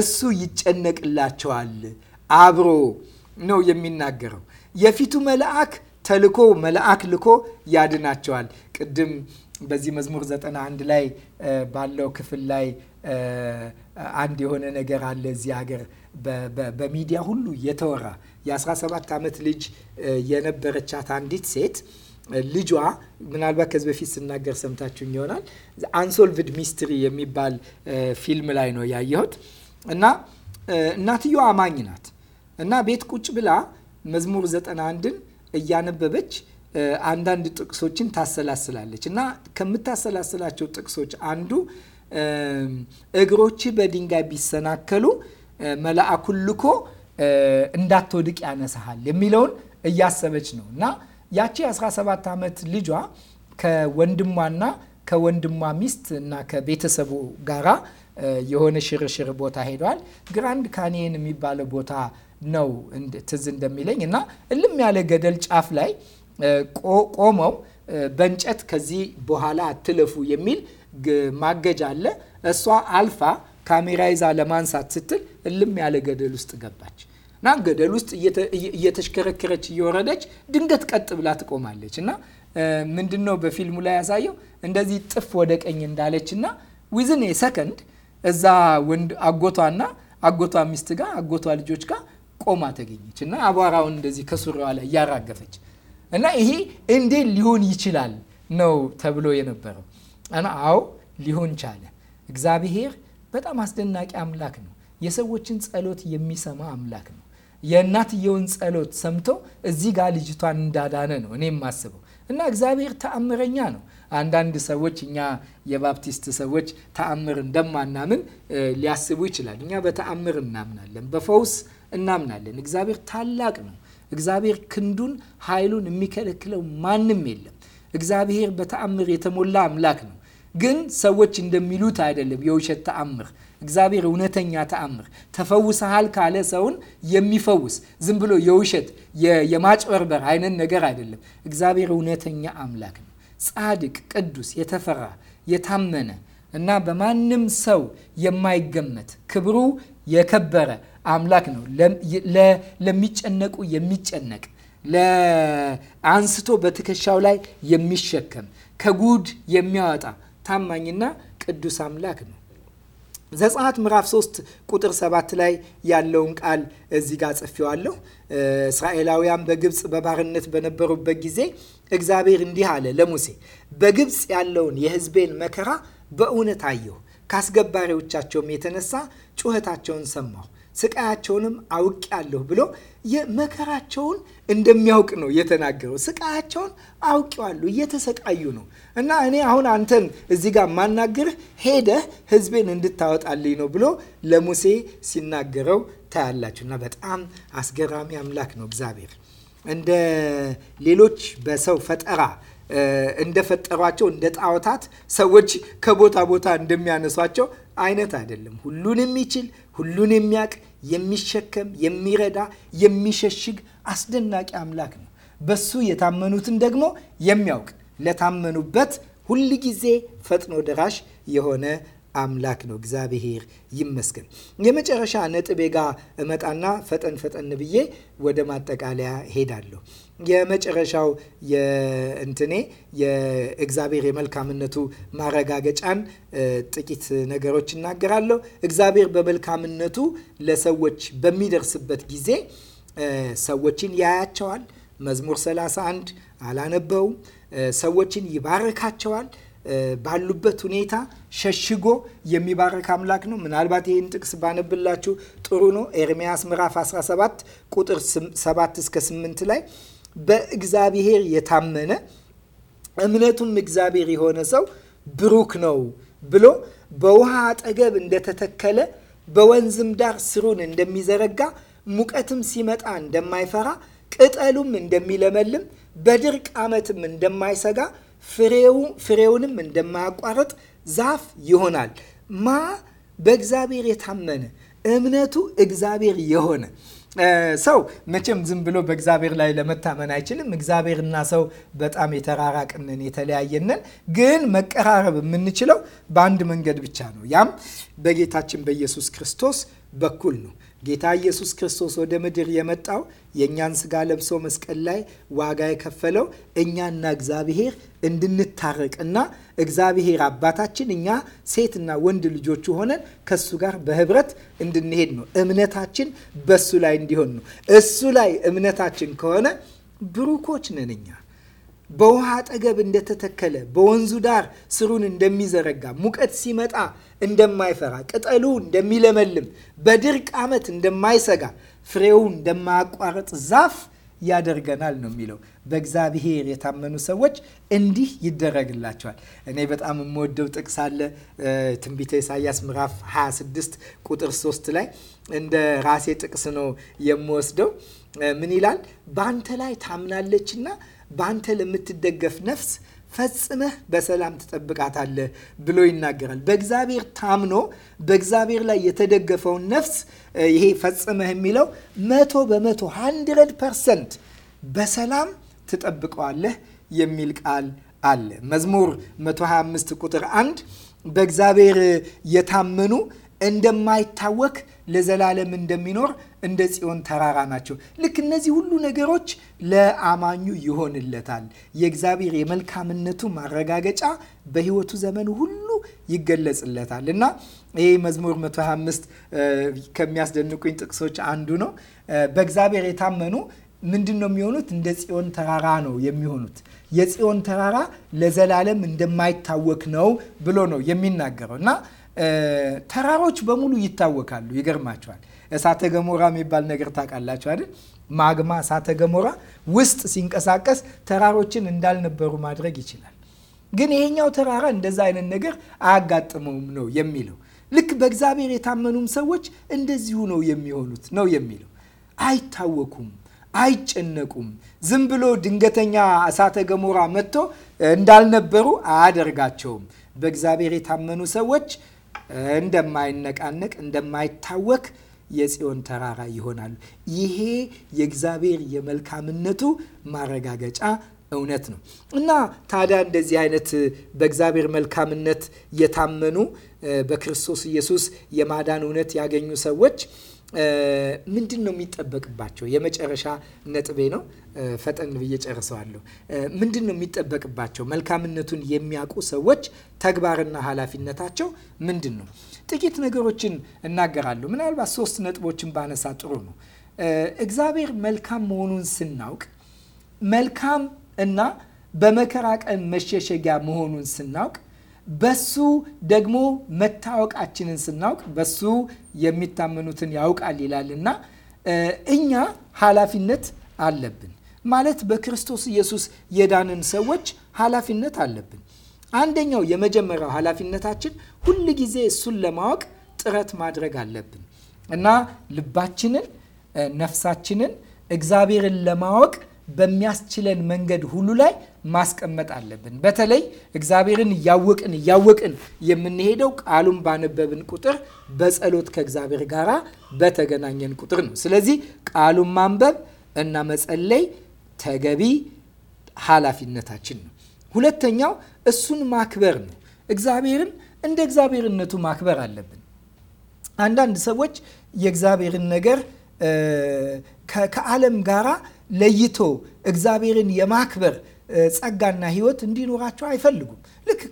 እሱ ይጨነቅላቸዋል አብሮ ነው የሚናገረው። የፊቱ መልአክ ተልኮ መልአክ ልኮ ያድናቸዋል። ቅድም በዚህ መዝሙር ዘጠና አንድ ላይ ባለው ክፍል ላይ አንድ የሆነ ነገር አለ እዚህ ሀገር በሚዲያ ሁሉ የተወራ የ17 ዓመት ልጅ የነበረቻት አንዲት ሴት ልጇ ምናልባት ከዚህ በፊት ስናገር ሰምታችሁኝ ይሆናል። አንሶልቭድ ሚስትሪ የሚባል ፊልም ላይ ነው ያየሁት እና እናትየዋ አማኝ ናት እና ቤት ቁጭ ብላ መዝሙር ዘጠና አንድን እያነበበች አንዳንድ ጥቅሶችን ታሰላስላለች እና ከምታሰላስላቸው ጥቅሶች አንዱ እግሮች በድንጋይ ቢሰናከሉ መልአኩን ልኮ እንዳትወድቅ ያነሳሃል የሚለውን እያሰበች ነው እና ያቺ 17 ዓመት ልጇ ከወንድሟና ከወንድሟ ሚስት እና ከቤተሰቡ ጋራ የሆነ ሽርሽር ቦታ ሄደዋል። ግራንድ ካኒየን የሚባለው ቦታ ነው ትዝ እንደሚለኝ እና እልም ያለ ገደል ጫፍ ላይ ቆመው በእንጨት ከዚህ በኋላ አትለፉ የሚል ማገጃ አለ። እሷ አልፋ ካሜራ ይዛ ለማንሳት ስትል እልም ያለ ገደል ውስጥ ገባች እና ገደል ውስጥ እየተሽከረከረች እየወረደች ድንገት ቀጥ ብላ ትቆማለች እና ምንድን ነው በፊልሙ ላይ ያሳየው እንደዚህ ጥፍ ወደ ቀኝ እንዳለች እና ዊዝን ሰከንድ እዛ ወንድ አጎቷና አጎቷ ሚስት ጋር አጎቷ ልጆች ጋር ቆማ ተገኘች እና አቧራውን እንደዚህ ከሱሪዋ ላይ እያራገፈች እና ይሄ እንዴት ሊሆን ይችላል ነው ተብሎ የነበረው እና አዎ ሊሆን ቻለ። እግዚአብሔር በጣም አስደናቂ አምላክ ነው። የሰዎችን ጸሎት የሚሰማ አምላክ ነው። የእናትየውን ጸሎት ሰምቶ እዚህ ጋር ልጅቷን እንዳዳነ ነው እኔ የማስበው። እና እግዚአብሔር ተአምረኛ ነው። አንዳንድ ሰዎች እኛ የባፕቲስት ሰዎች ተአምር እንደማናምን ሊያስቡ ይችላል። እኛ በተአምር እናምናለን፣ በፈውስ እናምናለን። እግዚአብሔር ታላቅ ነው። እግዚአብሔር ክንዱን ኃይሉን የሚከለክለው ማንም የለም። እግዚአብሔር በተአምር የተሞላ አምላክ ነው። ግን ሰዎች እንደሚሉት አይደለም። የውሸት ተአምር እግዚአብሔር እውነተኛ ተአምር ተፈውሰሃል ካለ ሰውን የሚፈውስ ዝም ብሎ የውሸት የማጭበርበር አይነት ነገር አይደለም። እግዚአብሔር እውነተኛ አምላክ ነው። ጻድቅ፣ ቅዱስ፣ የተፈራ የታመነ እና በማንም ሰው የማይገመት ክብሩ የከበረ አምላክ ነው። ለሚጨነቁ የሚጨነቅ አንስቶ በትከሻው ላይ የሚሸከም ከጉድ የሚያወጣ ታማኝና ቅዱስ አምላክ ነው። ዘጸአት ምዕራፍ 3 ቁጥር 7 ላይ ያለውን ቃል እዚህ ጋር ጽፌዋለሁ። እስራኤላውያን በግብፅ በባርነት በነበሩበት ጊዜ እግዚአብሔር እንዲህ አለ ለሙሴ፣ በግብፅ ያለውን የሕዝቤን መከራ በእውነት አየሁ፣ ከአስገባሪዎቻቸውም የተነሳ ጩኸታቸውን ሰማሁ ስቃያቸውንም ያለሁ ብሎ መከራቸውን እንደሚያውቅ ነው የተናገረው። ስቃያቸውን አውቄዋለሁ፣ እየተሰቃዩ ነው እና እኔ አሁን አንተን እዚህ ጋር ማናገርህ ሄደህ ህዝቤን እንድታወጣልኝ ነው ብሎ ለሙሴ ሲናገረው ታያላችሁ። እና በጣም አስገራሚ አምላክ ነው እግዚአብሔር። እንደ ሌሎች በሰው ፈጠራ እንደፈጠሯቸው እንደ ጣዖታት ሰዎች ከቦታ ቦታ እንደሚያነሷቸው አይነት አይደለም። ሁሉን የሚችል ሁሉን የሚያውቅ የሚሸከም፣ የሚረዳ፣ የሚሸሽግ አስደናቂ አምላክ ነው። በሱ የታመኑትን ደግሞ የሚያውቅ ለታመኑበት ጊዜ ፈጥኖ ደራሽ የሆነ አምላክ ነው። እግዚአብሔር ይመስገን። የመጨረሻ ነጥቤ ጋ እመጣና ፈጠን ፈጠን ብዬ ወደ ማጠቃለያ ሄዳለሁ። የመጨረሻው የእንትኔ የእግዚአብሔር የመልካምነቱ ማረጋገጫን ጥቂት ነገሮች እናገራለሁ። እግዚአብሔር በመልካምነቱ ለሰዎች በሚደርስበት ጊዜ ሰዎችን ያያቸዋል። መዝሙር 31 አላነበውም። ሰዎችን ይባርካቸዋል። ባሉበት ሁኔታ ሸሽጎ የሚባረክ አምላክ ነው። ምናልባት ይህን ጥቅስ ባነብላችሁ ጥሩ ነው። ኤርሚያስ ምዕራፍ 17 ቁጥር 7 እስከ 8 ላይ በእግዚአብሔር የታመነ እምነቱም እግዚአብሔር የሆነ ሰው ብሩክ ነው ብሎ በውሃ አጠገብ እንደተተከለ በወንዝም ዳር ስሩን እንደሚዘረጋ ሙቀትም ሲመጣ እንደማይፈራ ቅጠሉም እንደሚለመልም በድርቅ ዓመትም እንደማይሰጋ ፍሬውንም እንደማያቋርጥ ዛፍ ይሆናል። ማ በእግዚአብሔር የታመነ እምነቱ እግዚአብሔር የሆነ ሰው መቼም ዝም ብሎ በእግዚአብሔር ላይ ለመታመን አይችልም። እግዚአብሔርና ሰው በጣም የተራራቅንን የተለያየንን፣ ግን መቀራረብ የምንችለው በአንድ መንገድ ብቻ ነው። ያም በጌታችን በኢየሱስ ክርስቶስ በኩል ነው። ጌታ ኢየሱስ ክርስቶስ ወደ ምድር የመጣው የእኛን ስጋ ለብሶ መስቀል ላይ ዋጋ የከፈለው እኛና እግዚአብሔር እንድንታረቅ እና እግዚአብሔር አባታችን እኛ ሴትና ወንድ ልጆቹ ሆነን ከሱ ጋር በህብረት እንድንሄድ ነው። እምነታችን በሱ ላይ እንዲሆን ነው። እሱ ላይ እምነታችን ከሆነ ብሩኮች ነን እኛ። በውሃ አጠገብ እንደተተከለ በወንዙ ዳር ስሩን እንደሚዘረጋ ሙቀት ሲመጣ እንደማይፈራ ቅጠሉ እንደሚለመልም በድርቅ ዓመት እንደማይሰጋ ፍሬው እንደማያቋርጥ ዛፍ ያደርገናል ነው የሚለው። በእግዚአብሔር የታመኑ ሰዎች እንዲህ ይደረግላቸዋል። እኔ በጣም የምወደው ጥቅስ አለ። ትንቢተ ኢሳያስ ምዕራፍ 26 ቁጥር 3 ላይ እንደ ራሴ ጥቅስ ነው የምወስደው። ምን ይላል? በአንተ ላይ ታምናለችና በአንተ ለምትደገፍ ነፍስ ፈጽመህ በሰላም ትጠብቃታለህ ብሎ ይናገራል። በእግዚአብሔር ታምኖ በእግዚአብሔር ላይ የተደገፈውን ነፍስ ይሄ ፈጽመህ የሚለው መቶ በመቶ ሃንድረድ ፐርሰንት በሰላም ትጠብቀዋለህ የሚል ቃል አለ። መዝሙር 125 ቁጥር 1 በእግዚአብሔር የታመኑ እንደማይታወክ ለዘላለም እንደሚኖር እንደ ጽዮን ተራራ ናቸው። ልክ እነዚህ ሁሉ ነገሮች ለአማኙ ይሆንለታል። የእግዚአብሔር የመልካምነቱ ማረጋገጫ በህይወቱ ዘመን ሁሉ ይገለጽለታል እና ይህ መዝሙር 125 ከሚያስደንቁኝ ጥቅሶች አንዱ ነው። በእግዚአብሔር የታመኑ ምንድን ነው የሚሆኑት? እንደ ጽዮን ተራራ ነው የሚሆኑት። የጽዮን ተራራ ለዘላለም እንደማይታወክ ነው ብሎ ነው የሚናገረው እና ተራሮች በሙሉ ይታወቃሉ ይገርማቸዋል። እሳተ ገሞራ የሚባል ነገር ታውቃላችሁ አይደል? ማግማ እሳተ ገሞራ ውስጥ ሲንቀሳቀስ ተራሮችን እንዳልነበሩ ማድረግ ይችላል። ግን ይሄኛው ተራራ እንደዛ አይነት ነገር አያጋጥመውም ነው የሚለው። ልክ በእግዚአብሔር የታመኑም ሰዎች እንደዚሁ ነው የሚሆኑት ነው የሚለው። አይታወኩም፣ አይጨነቁም። ዝም ብሎ ድንገተኛ እሳተ ገሞራ መጥቶ እንዳልነበሩ አያደርጋቸውም። በእግዚአብሔር የታመኑ ሰዎች እንደማይነቃነቅ እንደማይታወክ የጽዮን ተራራ ይሆናሉ። ይሄ የእግዚአብሔር የመልካምነቱ ማረጋገጫ እውነት ነው እና ታዲያ እንደዚህ አይነት በእግዚአብሔር መልካምነት የታመኑ በክርስቶስ ኢየሱስ የማዳን እውነት ያገኙ ሰዎች ምንድን ነው የሚጠበቅባቸው? የመጨረሻ ነጥቤ ነው። ፈጠን ብዬ ጨርሰዋለሁ። ምንድን ነው የሚጠበቅባቸው? መልካምነቱን የሚያውቁ ሰዎች ተግባርና ኃላፊነታቸው ምንድን ነው? ጥቂት ነገሮችን እናገራለሁ። ምናልባት ሶስት ነጥቦችን ባነሳ ጥሩ ነው። እግዚአብሔር መልካም መሆኑን ስናውቅ፣ መልካም እና በመከራ ቀን መሸሸጊያ መሆኑን ስናውቅ በሱ ደግሞ መታወቃችንን ስናውቅ በሱ የሚታመኑትን ያውቃል ይላል እና እኛ ኃላፊነት አለብን ማለት በክርስቶስ ኢየሱስ የዳንን ሰዎች ኃላፊነት አለብን። አንደኛው የመጀመሪያው ኃላፊነታችን ሁል ጊዜ እሱን ለማወቅ ጥረት ማድረግ አለብን እና ልባችንን፣ ነፍሳችንን እግዚአብሔርን ለማወቅ በሚያስችለን መንገድ ሁሉ ላይ ማስቀመጥ አለብን። በተለይ እግዚአብሔርን እያወቅን እያወቅን የምንሄደው ቃሉን ባነበብን ቁጥር በጸሎት ከእግዚአብሔር ጋር በተገናኘን ቁጥር ነው። ስለዚህ ቃሉን ማንበብ እና መጸለይ ተገቢ ኃላፊነታችን ነው። ሁለተኛው እሱን ማክበር ነው። እግዚአብሔርን እንደ እግዚአብሔርነቱ ማክበር አለብን። አንዳንድ ሰዎች የእግዚአብሔርን ነገር ከዓለም ጋራ ለይቶ እግዚአብሔርን የማክበር ጸጋና ህይወት እንዲኖራቸው አይፈልጉም። ልክ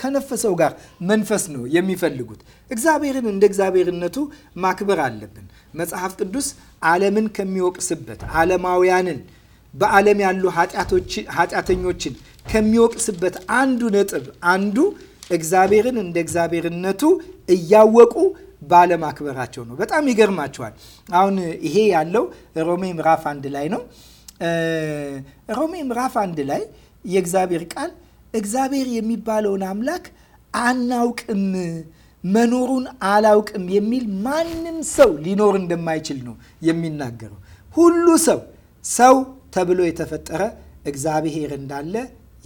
ከነፈሰው ጋር መንፈስ ነው የሚፈልጉት። እግዚአብሔርን እንደ እግዚአብሔርነቱ ማክበር አለብን። መጽሐፍ ቅዱስ ዓለምን ከሚወቅስበት ዓለማውያንን በዓለም ያሉ ኃጢአተኞችን ከሚወቅስበት አንዱ ነጥብ አንዱ እግዚአብሔርን እንደ እግዚአብሔርነቱ እያወቁ ባለማክበራቸው ነው። በጣም ይገርማቸዋል። አሁን ይሄ ያለው ሮሜ ምዕራፍ አንድ ላይ ነው። ሮሜ ምዕራፍ አንድ ላይ የእግዚአብሔር ቃል እግዚአብሔር የሚባለውን አምላክ አናውቅም መኖሩን አላውቅም የሚል ማንም ሰው ሊኖር እንደማይችል ነው የሚናገረው። ሁሉ ሰው ሰው ተብሎ የተፈጠረ እግዚአብሔር እንዳለ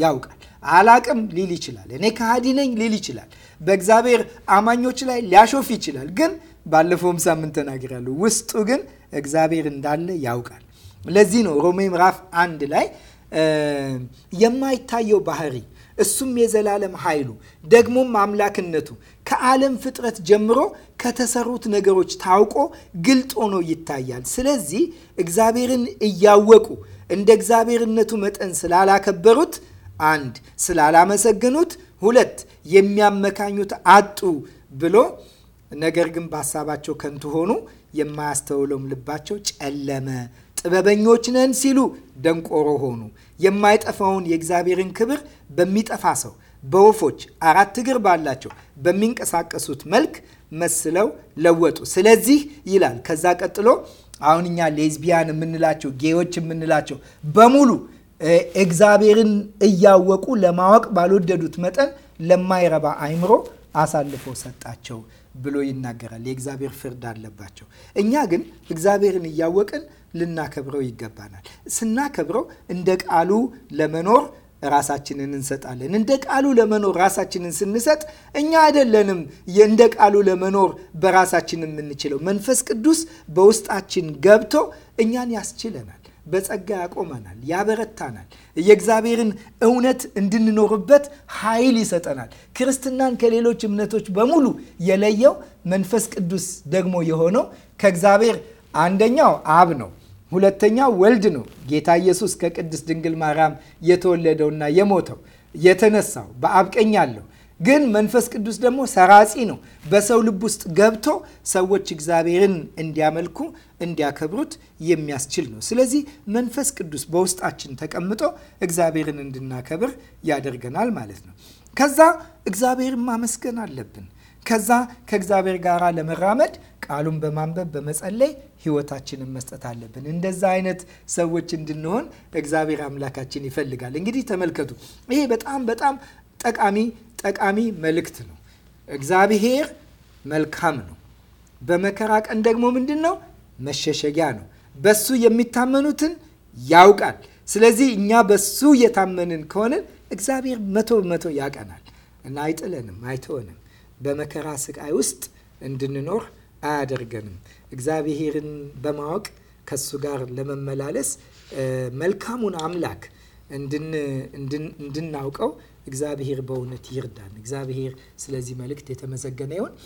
ያውቃል። አላቅም ሊል ይችላል። እኔ ከሃዲ ነኝ ሊል ይችላል። በእግዚአብሔር አማኞች ላይ ሊያሾፍ ይችላል። ግን ባለፈውም ሳምንት ተናግሬያለሁ። ውስጡ ግን እግዚአብሔር እንዳለ ያውቃል። ለዚህ ነው ሮሜ ምዕራፍ አንድ ላይ የማይታየው ባህሪ እሱም የዘላለም ኃይሉ ደግሞም አምላክነቱ ከዓለም ፍጥረት ጀምሮ ከተሰሩት ነገሮች ታውቆ ግልጥ ሆኖ ይታያል። ስለዚህ እግዚአብሔርን እያወቁ እንደ እግዚአብሔርነቱ መጠን ስላላከበሩት፣ አንድ ስላላመሰገኑት፣ ሁለት የሚያመካኙት አጡ ብሎ ነገር ግን በሀሳባቸው ከንቱ ሆኑ፣ የማያስተውለውም ልባቸው ጨለመ ጥበበኞች ነን ሲሉ ደንቆሮ ሆኑ። የማይጠፋውን የእግዚአብሔርን ክብር በሚጠፋ ሰው፣ በወፎች አራት እግር ባላቸው በሚንቀሳቀሱት መልክ መስለው ለወጡ። ስለዚህ ይላል ከዛ ቀጥሎ አሁን እኛ ሌዝቢያን የምንላቸው ጌዎች የምንላቸው በሙሉ እግዚአብሔርን እያወቁ ለማወቅ ባልወደዱት መጠን ለማይረባ አይምሮ አሳልፎ ሰጣቸው ብሎ ይናገራል። የእግዚአብሔር ፍርድ አለባቸው። እኛ ግን እግዚአብሔርን እያወቅን ልናከብረው ይገባናል። ስናከብረው እንደ ቃሉ ለመኖር ራሳችንን እንሰጣለን። እንደ ቃሉ ለመኖር ራሳችንን ስንሰጥ እኛ አይደለንም እንደ ቃሉ ለመኖር በራሳችን የምንችለው መንፈስ ቅዱስ በውስጣችን ገብቶ እኛን ያስችለናል። በጸጋ ያቆመናል፣ ያበረታናል። የእግዚአብሔርን እውነት እንድንኖርበት ኃይል ይሰጠናል። ክርስትናን ከሌሎች እምነቶች በሙሉ የለየው መንፈስ ቅዱስ ደግሞ የሆነው ከእግዚአብሔር አንደኛው አብ ነው ሁለተኛው ወልድ ነው። ጌታ ኢየሱስ ከቅድስት ድንግል ማርያም የተወለደውና የሞተው የተነሳው በአብ ቀኝ አለው። ግን መንፈስ ቅዱስ ደግሞ ሰራጺ ነው። በሰው ልብ ውስጥ ገብቶ ሰዎች እግዚአብሔርን እንዲያመልኩ እንዲያከብሩት የሚያስችል ነው። ስለዚህ መንፈስ ቅዱስ በውስጣችን ተቀምጦ እግዚአብሔርን እንድናከብር ያደርገናል ማለት ነው። ከዛ እግዚአብሔርን ማመስገን አለብን። ከዛ ከእግዚአብሔር ጋር ለመራመድ ቃሉን በማንበብ በመጸለይ ህይወታችንን መስጠት አለብን። እንደዛ አይነት ሰዎች እንድንሆን እግዚአብሔር አምላካችን ይፈልጋል። እንግዲህ ተመልከቱ፣ ይሄ በጣም በጣም ጠቃሚ ጠቃሚ መልእክት ነው። እግዚአብሔር መልካም ነው። በመከራ ቀን ደግሞ ምንድን ነው? መሸሸጊያ ነው። በሱ የሚታመኑትን ያውቃል። ስለዚህ እኛ በሱ የታመንን ከሆንን እግዚአብሔር መቶ በመቶ ያቀናል እና አይጥለንም፣ አይተወንም። በመከራ ስቃይ ውስጥ እንድንኖር አያደርገንም። እግዚአብሔርን በማወቅ ከሱ ጋር ለመመላለስ መልካሙን አምላክ እንድናውቀው እግዚአብሔር በእውነት ይርዳን። እግዚአብሔር ስለዚህ መልእክት የተመሰገነ ይሁን።